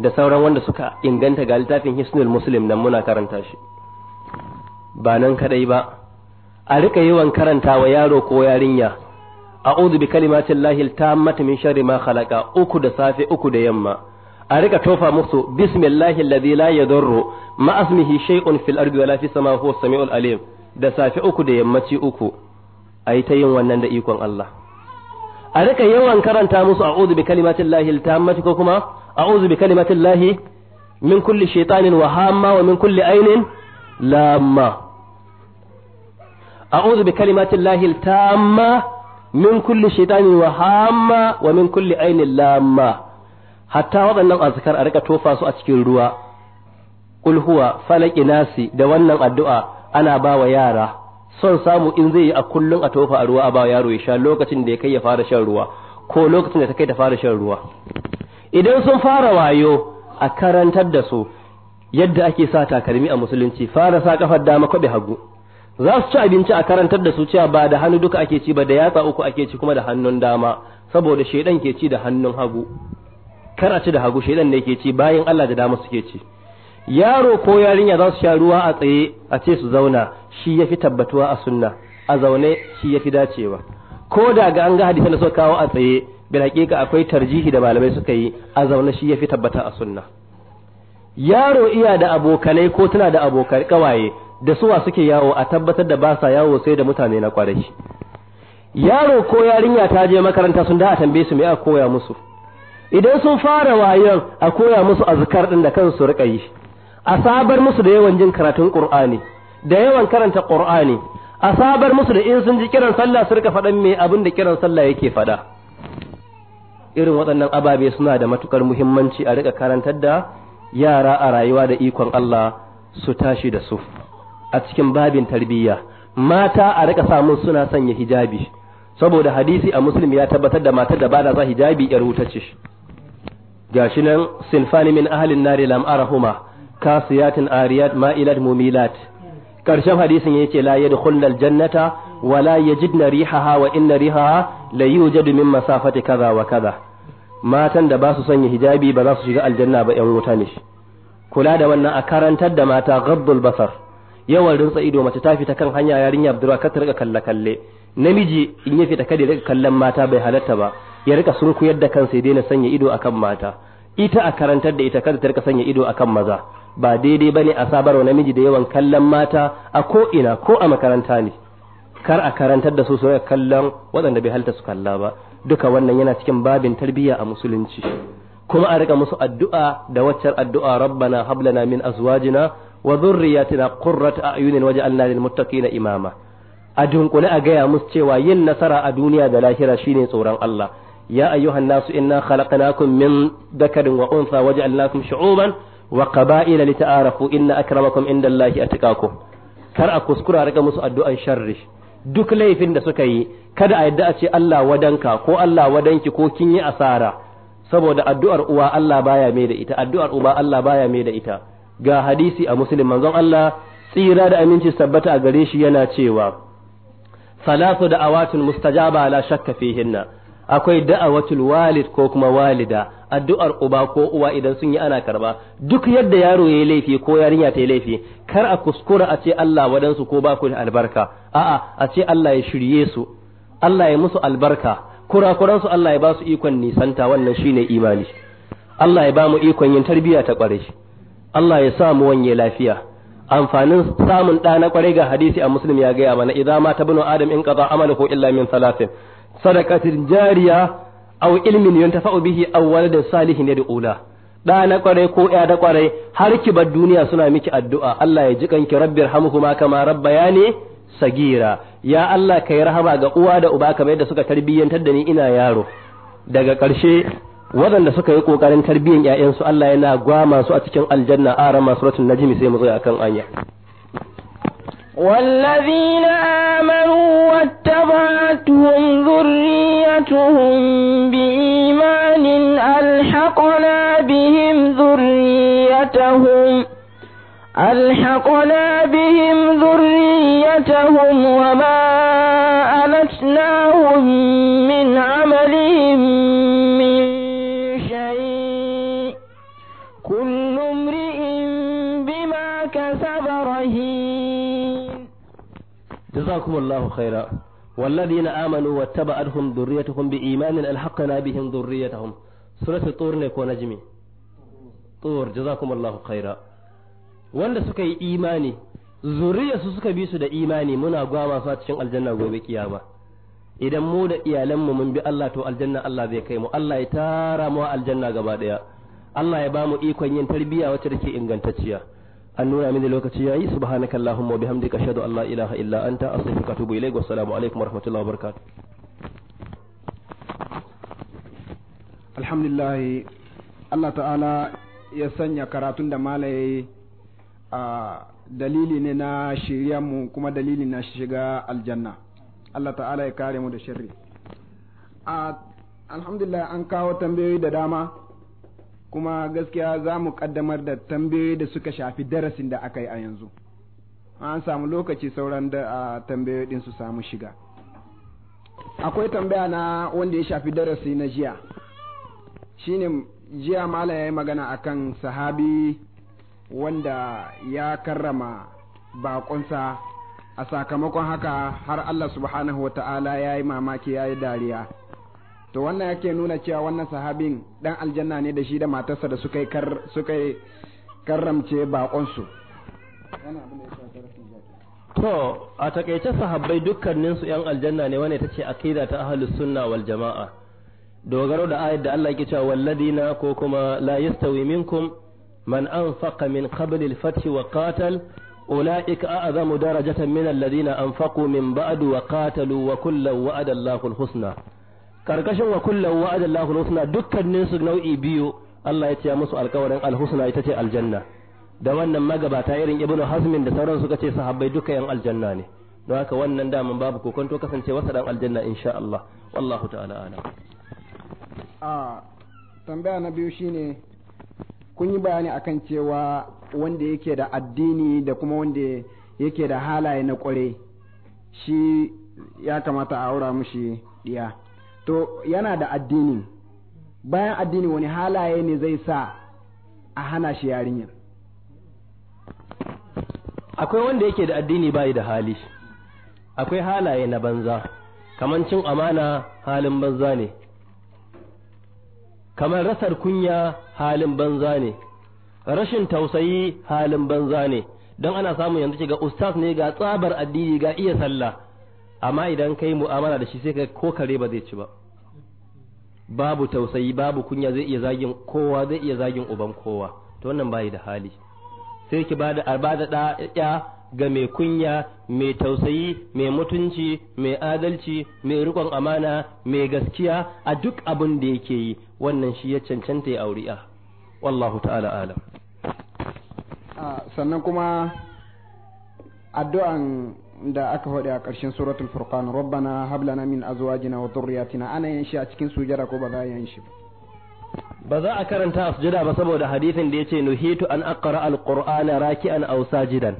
da sauran wanda suka inganta ga littafin hisnul muslim nan muna karanta shi ba nan kadai ba a rika yawan karanta wa yaro ko yarinya a'udhu bi kalimatin lahil tammati min sharri ma khalaqa uku da safe uku da yamma a rika tofa musu bismillahi alladhi la yadurru ma asmihi shay'un fil ardi wala fis sama huwa samiul alim da safe uku da yammaci uku ayi ta yin wannan da ikon Allah a rika yawan karanta musu a'udhu bi kalimatin lahil tammati ko kuma a'udhu bi kalimatillahi min kulli shaytanin wa hama wa min kulli ainin lamma a'udhu bi kalimatillahi al min kulli shaytanin wa hamma wa min kulli ainin lamma hatta waɗannan askar a rika tofa su a cikin ruwa kul falaki nasi da wannan addu'a ana bawa yara son samu in zai yi a kullum a tofa a ruwa a ba yaro ya sha lokacin da ya kai ya fara shan ruwa ko lokacin da ta kai ta fara shan ruwa idan sun fara wayo a karantar da su yadda ake sa takalmi a musulunci fara sa kafar dama kwabe hagu za su ci abinci a karantar da su cewa ba da hannu duka ake ci ba da yatsa uku ake ci kuma da hannun dama saboda shaidan ke ci da hannun hagu kar a ci da hagu shaidan ne ke ci bayan Allah da dama suke ci yaro ko yarinya za su sha ruwa a tsaye a ce su zauna shi yafi tabbatuwa a sunna a zaune shi yafi dacewa ko da ga an ga hadisan da suka kawo a tsaye bil haƙiƙa akwai tarjihi da malamai suka yi a zaune shi yafi tabbata a sunna yaro iya da abokanai ko tana da abokai kawaye da suwa suke yawo a tabbatar da ba sa yawo sai da mutane na kwarai yaro ko yarinya ta je makaranta sun da a tambaye su me a koya musu idan sun fara wayon a koya musu azkar din da kansu rika yi a sabar musu da yawan jin karatun qur'ani da yawan karanta qur'ani a sabar musu da in sun ji kiran sallah su rika faɗan me abin da kiran sallah yake faɗa irin waɗannan ababe suna da matukar muhimmanci a rika karantar da yara a rayuwa da ikon Allah su tashi da su a cikin babin tarbiyya mata a rika samun suna sanya hijabi saboda hadisi a muslim ya tabbatar da matar da ba da za hijabi yar wuta ce gashi nan sinfani min ahlin nari lam arahuma kasiyatin ariyat ma'ilat mumilat karshen hadisin yake la yadkhulnal jannata wala yajidna rihaha wa inna rihaha la yujadu min masafati kaza wa kaza matan da ba su sanya hijabi ba za su shiga aljanna ba yan wuta ne kula da wannan a karantar da mata ghaddul basar yawan rinsa ido mace ta fita kan hanya yarinya budurwa ka ta rika kalle kalle namiji in ya fita kada rika kallon mata bai halatta ba ya rika sunkuyar da kansa ya daina sanya ido akan mata ita a karantar da ita kada ta rika sanya ido akan maza ba daidai bane a sabarwa namiji da yawan kallon mata a ko ina ko a makaranta ne kar a karantar da su su kallon waɗanda bai halta su kalla ba duka wannan yana cikin babin tarbiyya a musulunci kuma a rika musu addu'a da waccar addu'a rabbana hablana min azwajina wa dhurriyyatina qurrata a'yunin waj'alna lil muttaqina imama a dunkule a gaya musu cewa yin nasara a duniya da lahira shine tsoron Allah ya ayyuhan nasu inna khalaqnakum min dhakarin wa untha waj'alnakum shu'uban wa qaba'ila lita'arafu inna akramakum indallahi atqakum kar a kuskura rika musu addu'an sharri duk laifin da suka yi kada a yadda a ce Allah wadanka ko Allah wadanki ko kin yi asara saboda addu'ar uwa Allah baya mai da ita addu'ar uba Allah baya mai da ita ga hadisi a muslim manzon Allah tsira da aminci sabbata a gare shi yana cewa salatu da awatin mustajaba la shakka fihinna akwai da'awatul walid ko kuma walida addu'ar uba ko uwa idan sun yi ana karba duk yadda yaro yayi laifi ko yarinya ta yi laifi kar a kuskura a ce Allah wadansu ko ba ku da albarka a'a a ce Allah ya shirye su Allah ya musu albarka kurakuran su Allah ya ba su ikon nisanta wannan shine imani Allah ya ba mu ikon yin tarbiyya ta kware Allah ya sa mu wanye lafiya amfanin samun ɗa na kware ga hadisi a muslim ya gaya mana idan ma ta bino adam in qada ko illa min salatin sadakatin jariya aw ilmin yuntafa'u bihi aw waladin salihin yad'u ula da na kwarai ko ya da kwarai har ki bar duniya suna miki addu'a Allah ya ji kanki rabbir hamhuma kama rabbayani sagira ya Allah kai rahama ga uwa da uba kamar yadda suka tarbiyyantar da ni ina yaro daga karshe waɗanda suka yi ƙoƙarin tarbiyyan 'ya'yansu Allah yana gwama su a cikin aljanna a rama suratul najmi sai mu a akan anya والذين آمنوا واتبعتهم ذريتهم بإيمان ألحقنا بهم ذريتهم ألحقنا بهم ذريتهم وما ألتناهم من عملهم jazakumullahu khaira والذين آمنوا واتبعتهم ذريتهم بإيمان ألحقنا بهم ذريتهم سورة الطور نكو نجمي طور جزاكم الله خيرا wanda suka yi imani zuriyarsu suka bi su da imani muna gwama su a cikin aljanna gobe ba idan mu da iyalanmu mun bi Allah to aljanna Allah zai kai mu Allah ya tara mu aljanna gaba daya Allah ya ba mu ikon yin tarbiyya wacce take ingantacciya an nuna mini lokaci yayi subhanaka allahumma wa bihamdika ashhadu an la ilaha illa anta astaghfiruka wa atubu ilayk wa assalamu alaykum wa rahmatullahi wa barakatuh alhamdulillah Allah ta'ala ya sanya karatun da malaye a dalili ne na shirya mu kuma dalili na shiga aljanna Allah ta'ala ya kare mu da shirri alhamdulillah an kawo tambayoyi da dama kuma gaskiya za mu kaddamar da tambayoyi da suka shafi darasin da aka yi a yanzu an samu lokaci sauran da tambayoyi din su samu shiga akwai tambaya na wanda ya shafi darasi na jiya shine jiya mala ya yi magana a kan sahabi wanda ya karrama bakonsa a sakamakon haka har Allah subhanahu wa ta'ala ya yi mamaki ya yi dariya to wannan yake nuna cewa wannan sahabin dan aljanna ne da shi da matarsa da suka kar suka karramce bakon su to a takaice sahabbai dukkanin su yan aljanna ne wanda tace akida ta ahlus sunna wal jamaa dogaro da ayat da Allah yake cewa walladina ko kuma la yastawi minkum man anfaqa min qabli al-fath wa qatal أولئك أعظم درجة من الذين أنفقوا من بعد wa وكلا وعد الله husna karkashin wa kullum wa Allahu al-husna dukkanin su nau'i biyu Allah ya ce musu alƙawarin al-husna ita ce aljanna da wannan magabata irin ibnu hazmin da sauran suka ce sahabbai duka yan aljanna ne don haka wannan daman babu kokonto kasance wasa dan aljanna insha Allah wallahu ta'ala ala a tambaya na biyu shine kun yi bayani akan cewa wanda yake da addini da kuma wanda yake da halaye na kware shi ya kamata a aura mushi diya to yana da addini bayan addini wani halaye ne zai sa a hana shi yarinyar akwai wanda yake da addini bai da hali akwai halaye na banza kamar cin amana halin banza ne kaman rasar kunya halin banza ne rashin tausayi halin banza ne don ana samun yanzu ga ustaz ne ga tsabar addini ga iya sallah amma idan kai mu'amala da shi sai ka ko kare ba zai ci ba babu tausayi babu kunya zai iya zagin kowa zai iya zagin uban kowa to wannan bai da hali sai ki bada albada da ya ga mai kunya mai tausayi mai mutunci mai adalci mai rikon amana mai gaskiya a duk abin da yake yi wannan shi ya cancanta ya auri'a wallahu ta'ala alam sannan kuma addu'an da aka faɗi a ƙarshen suratul furqan rabbana hab lana min azwajina wa dhurriyyatina ana yin shi a cikin sujada ko ba za a yin shi ba za a karanta a sujada ba saboda hadithin da yace nuhitu an aqra alqur'ana raki'an aw sajidan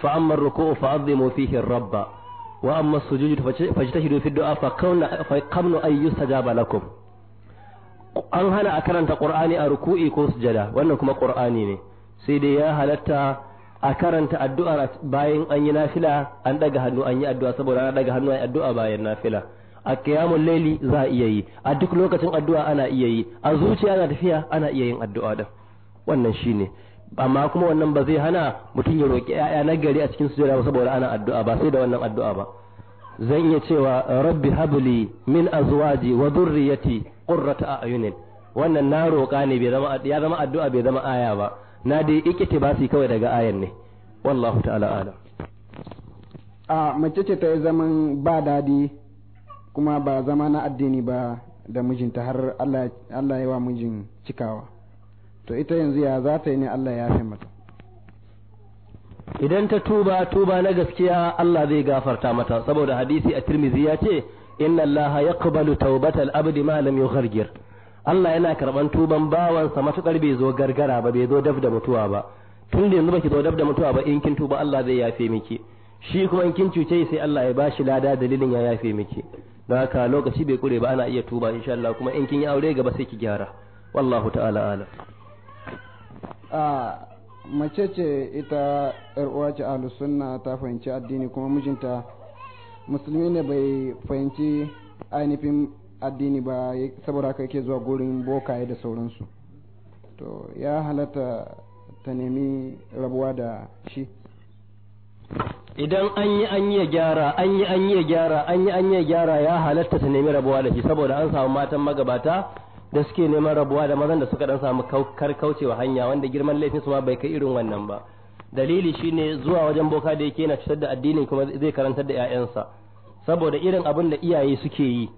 fa amma ruku'u fa azimu fihi rabba wa amma as fa fajtahidu fi dua fa kauna fa qamnu ay yustajaba lakum an hana a karanta qur'ani a ruku'i ko sujada wannan kuma qur'ani ne sai dai ya halatta a karanta addu'a bayan an yi nafila an daga hannu an yi addu'a saboda ana daga hannu an yi addu'a bayan nafila a kiyamun laili za a iya yi a duk lokacin addu'a ana iya yi a zuciya na tafiya ana iya yin addu'a da wannan shine amma kuma wannan ba zai hana mutum ya roki ‘ya'ya na gari a cikin sujada ba saboda ana addu'a ba sai da wannan addu'a ba zan iya cewa rabbi habli min azwaji wa dhurriyyati qurrata a'yunin wannan na roƙa ne bai zama ya zama addu'a bai zama aya ba na dai ikiti ba su kawai daga ayan ne wallahu ta'ala alam a mace ce ta yi zaman ba dadi kuma ba zama na addini ba da mijinta har Allah ya wa mijin cikawa to ita yanzu ya za ta yi ne Allah ya fi mata idan ta tuba tuba na gaskiya Allah zai gafarta mata saboda hadisi a tirmizi ya ce inna Allah taubatar tawbatal abdi ma lam yughargir Allah yana karɓan tuban bawansa matuƙar bai zo gargara ba bai zo daf da mutuwa ba tun da yanzu baki zo daf da mutuwa ba in kin tuba Allah zai yafe miki shi kuma in kin cuce sai Allah ya bashi lada dalilin ya yafe miki don haka lokaci bai kure ba ana iya tuba insha Allah kuma in kin yi aure gaba sai ki gyara wallahu ta'ala ala ah mace ce ita yar uwa ce sunna ta fahimci addini kuma mijinta musulmi ne bai fahimci ainihin addini ba saboda haka yake zuwa gurin bokaye da sauransu to ya halatta ta nemi rabuwa da shi idan an yi an yi gyara an yi an yi gyara an yi an yi gyara ya halatta ta nemi rabuwa da shi saboda an samu matan magabata da suke neman rabuwa da mazan da suka dan samu karkaucewa hanya wanda girman laifin su ma bai kai irin wannan ba dalili shine zuwa wajen boka da yake na cutar da addinin kuma zai karantar da 'ya'yansa saboda irin abin da iyaye suke yi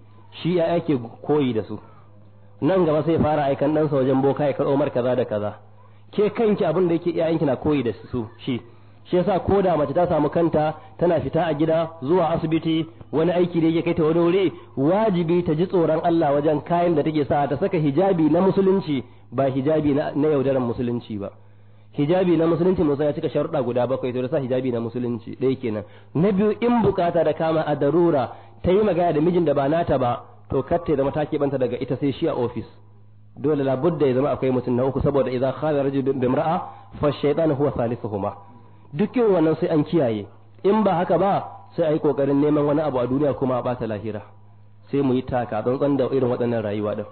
shi ya ake koyi da su nan gaba sai fara aikan ɗansa wajen boka ya karo mar kaza da kaza ke kanki abin da yake iyayenki na koyi da su shi shi yasa ko da mace ta samu kanta tana fita a gida zuwa asibiti wani aiki da yake kai ta wani wuri wajibi ta ji tsoron Allah wajen kayan da take sa ta saka hijabi na musulunci ba hijabi na yaudarar musulunci ba hijabi na musulunci musa ya cika sharuɗa guda bakwai to da sa hijabi na musulunci ɗaya kenan na biyu in bukata da kama a darura ta yi magana da mijin da ba nata ba to kar ta zama ta keɓanta daga ita sai shi a ofis dole labudda ya zama akwai mutum na uku saboda idan khala rajul bi imra'a fa shaytan huwa duk dukkan wannan sai an kiyaye in ba haka ba sai ayi kokarin neman wani abu a duniya kuma a bata lahira sai mu yi taka tsan da irin waɗannan rayuwa din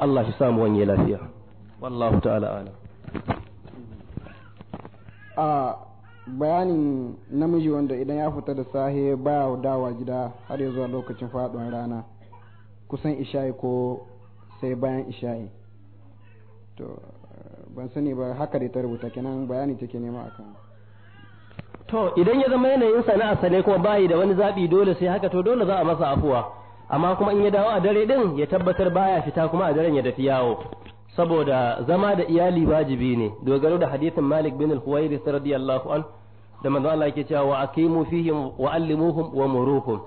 Allah shi samu wanye lafiya wallahu ta'ala alam bayanin namiji wanda idan ya fita da sahe baya dawa gida har ya zuwa lokacin faduwar rana kusan isha'i ko sai bayan isha'i to ban sani ba haka da ta rubuta kenan bayani take nema akan to idan ya zama yanayin sana'a sane kuma bayi da wani zaɓi dole sai haka to dole za a masa afuwa amma kuma in ya dawo a dare din ya tabbatar baya fita kuma a daren ya tafi yawo saboda zama da iyali wajibi ne dogaro da hadisin Malik bin al-Huwairi radiyallahu an da manzo Allah yake cewa wa aqimu fihim wa allimuhum wa muruhum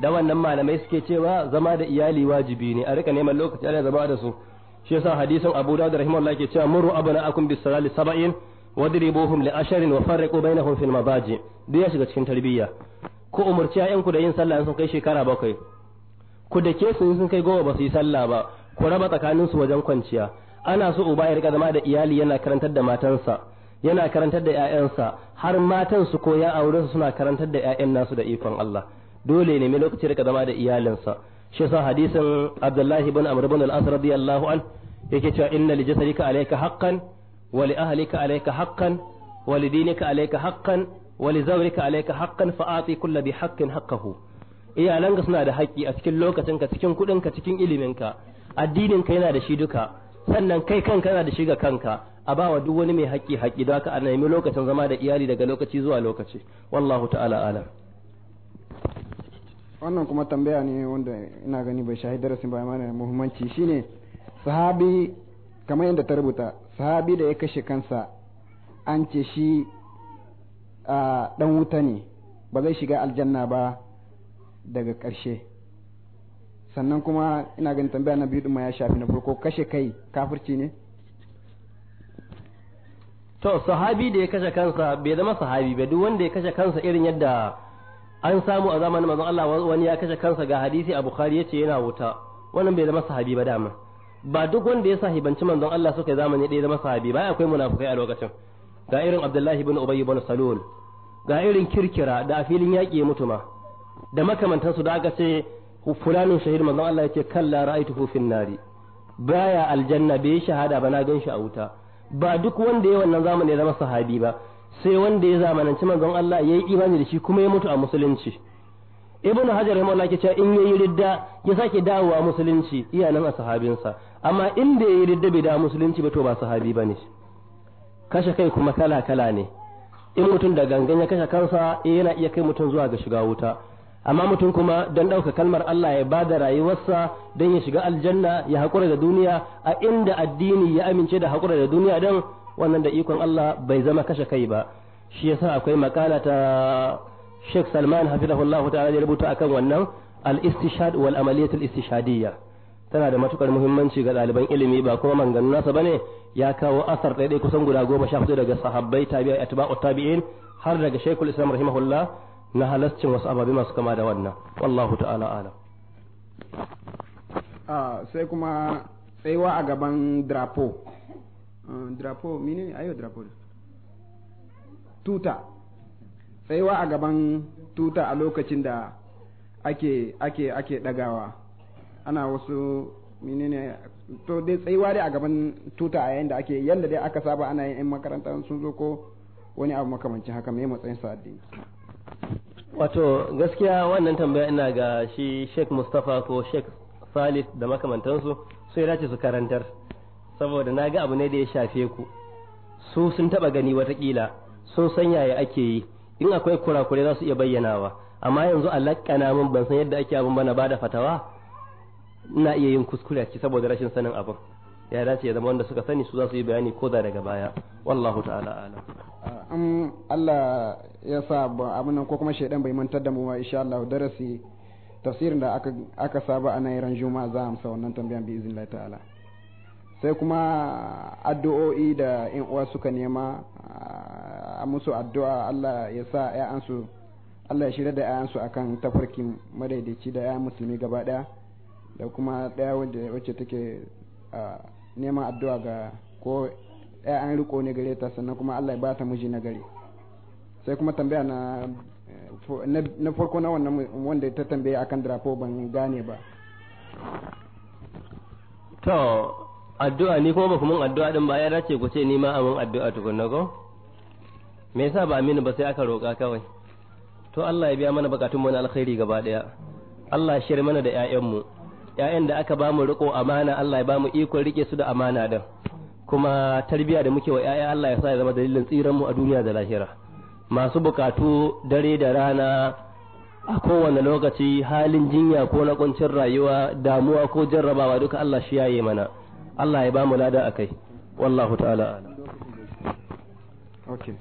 da wannan malamai suke cewa zama da iyali wajibi ne a rika neman lokaci ana zama da su shi yasa hadisin Abu Dawud rahimahullah yake cewa muru akum bis salati sab'in wadribuhum li asharin wa farriqu bainahum fil mabaji duk ya shiga cikin tarbiyya ko umurci ku da yin sallah sun kai shekara bakwai ku da ke sun kai goma ba su yi sallah ba ku raba tsakaninsu wajen kwanciya ana so uba ya rika zama da iyali yana karantar da matansa yana karantar da 'ya'yansa har matan su koya a wurinsu suna karantar da 'ya'yan nasu da ikon Allah dole ne mai lokaci rika zama da iyalinsa shi yasa hadisin Abdullahi ibn Amr ibn al-As radiyallahu an yake cewa inna li jasadika alayka haqqan wa li ahlika alayka haqqan wa li dinika alayka haqqan wa li zawrika alayka haqqan fa ati kulli bi haqqin haqqahu iyalanka suna da haƙƙi a cikin lokacinka cikin kuɗinka cikin iliminka addininka yana da shi duka sannan kai kanka yana da shiga kanka a ba wa duk wani mai haƙƙi haƙƙi da haka a nemi lokacin zama da iyali daga lokaci zuwa lokaci wallahu ta'ala alam wannan kuma tambaya ne wanda ina gani bai shahi darasin ba mana muhimmanci shine sahabi kamar yadda ta rubuta sahabi da ya kashe kansa an ce shi dan ah, wuta ne ba zai shiga aljanna ba daga ƙarshe sannan kuma ina ganin tambaya na biyu ma ya shafi na farko kashe kai kafirci ne to sahabi da ya kashe kansa bai zama sahabi ba duk wanda ya kashe kansa irin yadda an samu a zamanin manzon Allah wani ya kashe kansa ga hadisi a Bukhari yace yana wuta wannan bai zama sahabi ba dama ba duk wanda ya sahibanci manzon Allah suka zamani ɗaya zama sahabi ba akwai munafukai a lokacin ga irin Abdullahi ibn Ubay ibn Salul ga irin kirkira da a filin yaƙi mutuma da makamantansu da aka ce fulanin shahid manzon Allah yace kalla ra'aituhu fin nari baya aljanna bai shahada ba na ganshi a wuta ba duk wanda ya wannan zamanin ya zama sahabi ba sai wanda ya zamananci manzon Allah yayi imani da shi kuma ya mutu a musulunci ibnu hajar rahimahullah yake cewa in yayi ridda ya sake dawowa musulunci iyanan a sahabinsa amma in da yayi ridda bai dawo musulunci ba to ba sahabi bane kashe kai kuma kala kala ne in mutum da gangan ya kashe kansa eh, yana iya kai mutum zuwa ga shiga wuta amma mutum kuma don ɗauka kalmar Allah ya ba da rayuwarsa don ya shiga aljanna ya haƙura da duniya a inda addini ya amince da haƙura da duniya don wannan da ikon Allah bai zama kashe kai ba shi yasa akwai makala ta Sheikh Salman hafizahullah ta'ala ya rubuta akan wannan al-istishhad wal amaliyat al tana da matukar muhimmanci ga ɗaliban ilimi ba kuma manganu nasa ne ya kawo asar ɗaiɗai kusan guda goma sha hudu daga sahabbai tabi'a atba'u tabi'in har daga Sheikhul Islam rahimahullah na halascin wasu ababe masu kama da wannan wallahu ta'ala alam ah, sai kuma tsayuwa a gaban drapo ah, drapo mini ayo drapo tuta tsayuwa a gaban tuta a lokacin da ake ake ake dagawa ana wasu menene to dai tsayuwa dai a gaban tuta a yayin da ake yadda dai aka saba ana yin makaranta sun zo ko wani abu makamancin haka mai matsayin sa wato gaskiya wannan tambaya ina ga shi Sheikh mustapha ko Sheikh Salis da makamantansu sai dace su karantar saboda na ga abu ne da ya shafe ku su sun taba gani watakila sun san yaya ake yi in akwai kurakure za su iya bayyanawa amma yanzu a lakkana min ban san yadda ake abin bana ba da fatawa ina iya yin kuskure ki saboda rashin sanin abin ya dace ya zama wanda suka sani su za su yi bayani ko da daga baya wallahu ta'ala alam an Allah ya sa abin nan ko kuma shaidan bai mantar da mu ba insha Allah darasi tafsirin da aka aka saba a nan juma'a za a amsa wannan tambayan bi Allah ta'ala sai kuma addu'o'i da in uwa suka nema a musu addu'a Allah ya sa ya'ansu Allah ya shirya da ‘ya'yansu akan tafarkin madaidaici da ‘ya'yan musulmi gaba daya da kuma ɗaya wacce take neman addu'a ga ko ‘ya'yan riko ne gare ta sannan kuma Allah ya bata miji na gari sai kuma tambaya na na farko na wannan wanda ta tambaye akan drapo ban gane ba to addu'a ni kuma ba kuma addu'a din ba ya dace ku ce ni ma amin addu'a na ko me yasa ba aminu ba sai aka roƙa kawai to Allah ya biya mana bukatun mu na alkhairi gaba daya Allah ya shirye mana da ƴaƴanmu mu 'ya'yan da aka bamu riko amana Allah ya bamu ikon rike su da amana din kuma tarbiya da muke wa 'ya'ya Allah ya sa ya zama dalilin tsiran mu a duniya da lahira masu bukatu dare da rana a kowane lokaci halin jinya ko na kuncin rayuwa damuwa ko jarrabawa duka Allah shi yaye mana Allah ya bamu lada akai wallahu ta'ala okay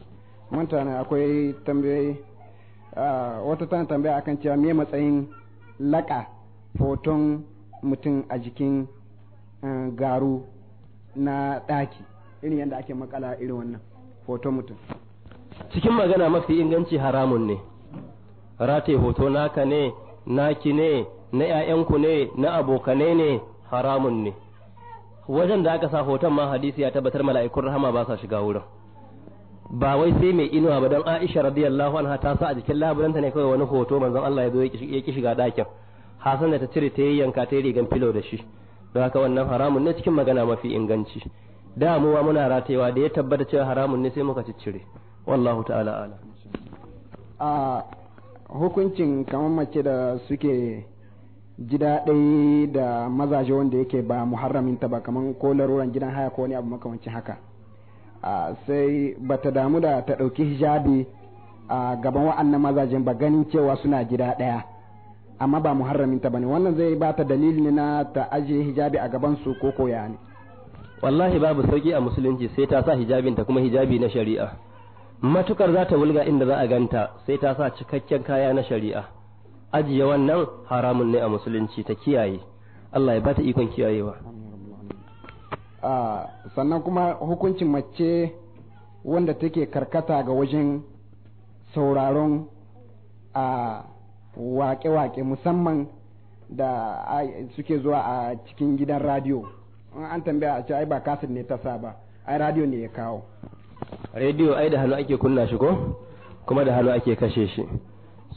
tana akwai tambayoyi ah, wata tana tambaya akan cewa me matsayin laka hoton mutum a jikin eh, garu na ɗaki irin yadda ake makala irin wannan hoton mutum cikin magana mafi inganci haramun ne rate hoto naka ne naki ne na 'ya'yanku ne na abokanai ne haramun ne wajen da aka sa hoton ma hadisi ya tabbatar mala'ikun rahama ba sa shiga wurin ba wai sai mai inuwa ba don Aisha radiyallahu anha ta sa a jikin labulen ne kawai wani hoto manzon Allah ya zo ya ki shiga ɗakin hasan da ta cire ta yanka ta rigan filo da shi don haka wannan haramun ne cikin magana mafi inganci damuwa muna ratewa da ya tabbata cewa haramun ne sai muka ciccire wallahu ta'ala ala a hukuncin kamar mace da suke gida ɗaya da mazaje wanda yake ba muharramin ta ba kamar ko laruran gidan haya ko wani abu makamancin haka sai bata damu da ta ɗauki hijabi a gaban wa'annan mazajen ba ganin cewa suna gida ɗaya amma ba muharramin ta bane wannan zai bata dalili ne na ta ajiye hijabi a gaban su ko koya ne wallahi babu sauki a musulunci sai ta sa hijabin ta kuma hijabi na shari'a matukar za ta wulga inda za a ganta sai ta sa cikakken kaya na shari'a ajiye wannan haramun ne a musulunci ta kiyaye Allah ya bata ikon kiyayewa sannan kuma hukuncin mace wanda take karkata ga wajen sauraron a waƙe-waƙe musamman da suke zuwa a cikin gidan radiyo an tambaya a ce ai ba kasin ne ta sa ba ai radiyo ne ya kawo rediyo ai da hannu ake kunna shi ko kuma da hannu ake kashe shi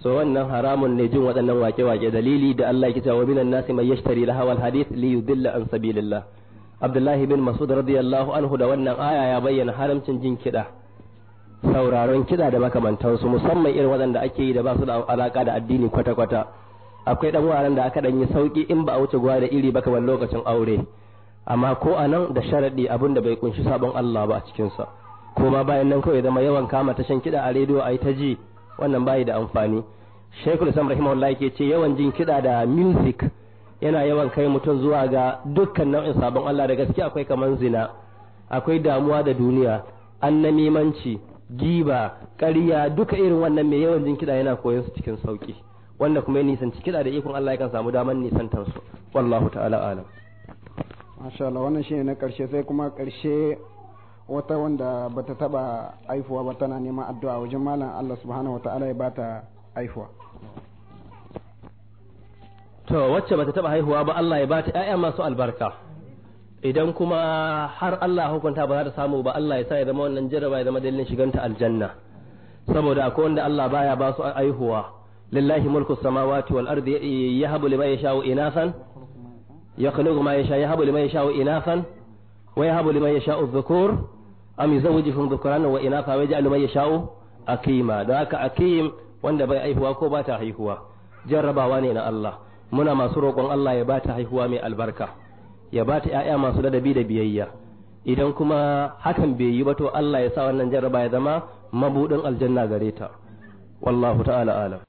so wannan haramun ne jin waɗannan wake-wake dalili da Allah ya kitawa minan nasi mai yashtari la hawal hadith li yudilla an sabilillah Abdullahi bin Mas'ud radiyallahu anhu da wannan aya ya bayyana haramcin jin kiɗa sauraron kiɗa da makamantansu musamman irin waɗanda ake yi da ba su da alaƙa da addini kwata-kwata akwai ɗan wuraren da aka ɗan yi sauƙi in ba a wuce gwa da iri ba kamar lokacin aure amma ko a nan da sharaɗi abin da bai kunshi sabon Allah ba a cikinsa ko bayan nan kawai zama yawan kama tashan kiɗa a rediyo a yi ta ji wannan bayi da amfani Sheikhul Islam rahimahullah ke ce yawan jin kiɗa da music yana yawan kai mutum zuwa ga dukkan nau'in sabon Allah da gaskiya akwai kamar zina akwai damuwa da duniya annamimanci giba ƙarya duka irin wannan mai yawan jin kiɗa yana koyon su cikin sauƙi wanda kuma ya nisanci kiɗa da ikon Allah yakan samu daman nisantar su wallahu ta'ala alam masha Allah wannan shine na ƙarshe sai kuma ƙarshe wata wanda bata taba aifuwa ba tana neman addu'a wajen malam Allah subhanahu wataala ya bata aifuwa to wacce bata taba haihuwa ba Allah ya bata ƴaƴa masu albarka idan kuma har Allah hukunta ba za ta samu ba Allah ya sa ya zama wannan jarraba ya zama dalilin shiganta aljanna saboda akwai wanda Allah baya ba su aihuwa lillahi mulku samawati wal ardi yahabu liman yasha'u inasan yakhluqu ma yasha yahabu liman yasha'u inasan wa yahabu liman yasha'u dhukur am yuzawwijuhum dhukrana wa inatha wa yaj'alu man yasha'u akima da haka akim wanda bai aihuwa ko ba ta haihuwa jarrabawa ne na Allah muna masu roƙon Allah ya ba ta haihuwa mai albarka ya ba ta ‘ya'ya masu ladabi da biyayya idan kuma hakan bai yi ba to Allah ya sa wannan jarraba ya zama mabuɗin aljanna gare ta wallahu ta'ala alam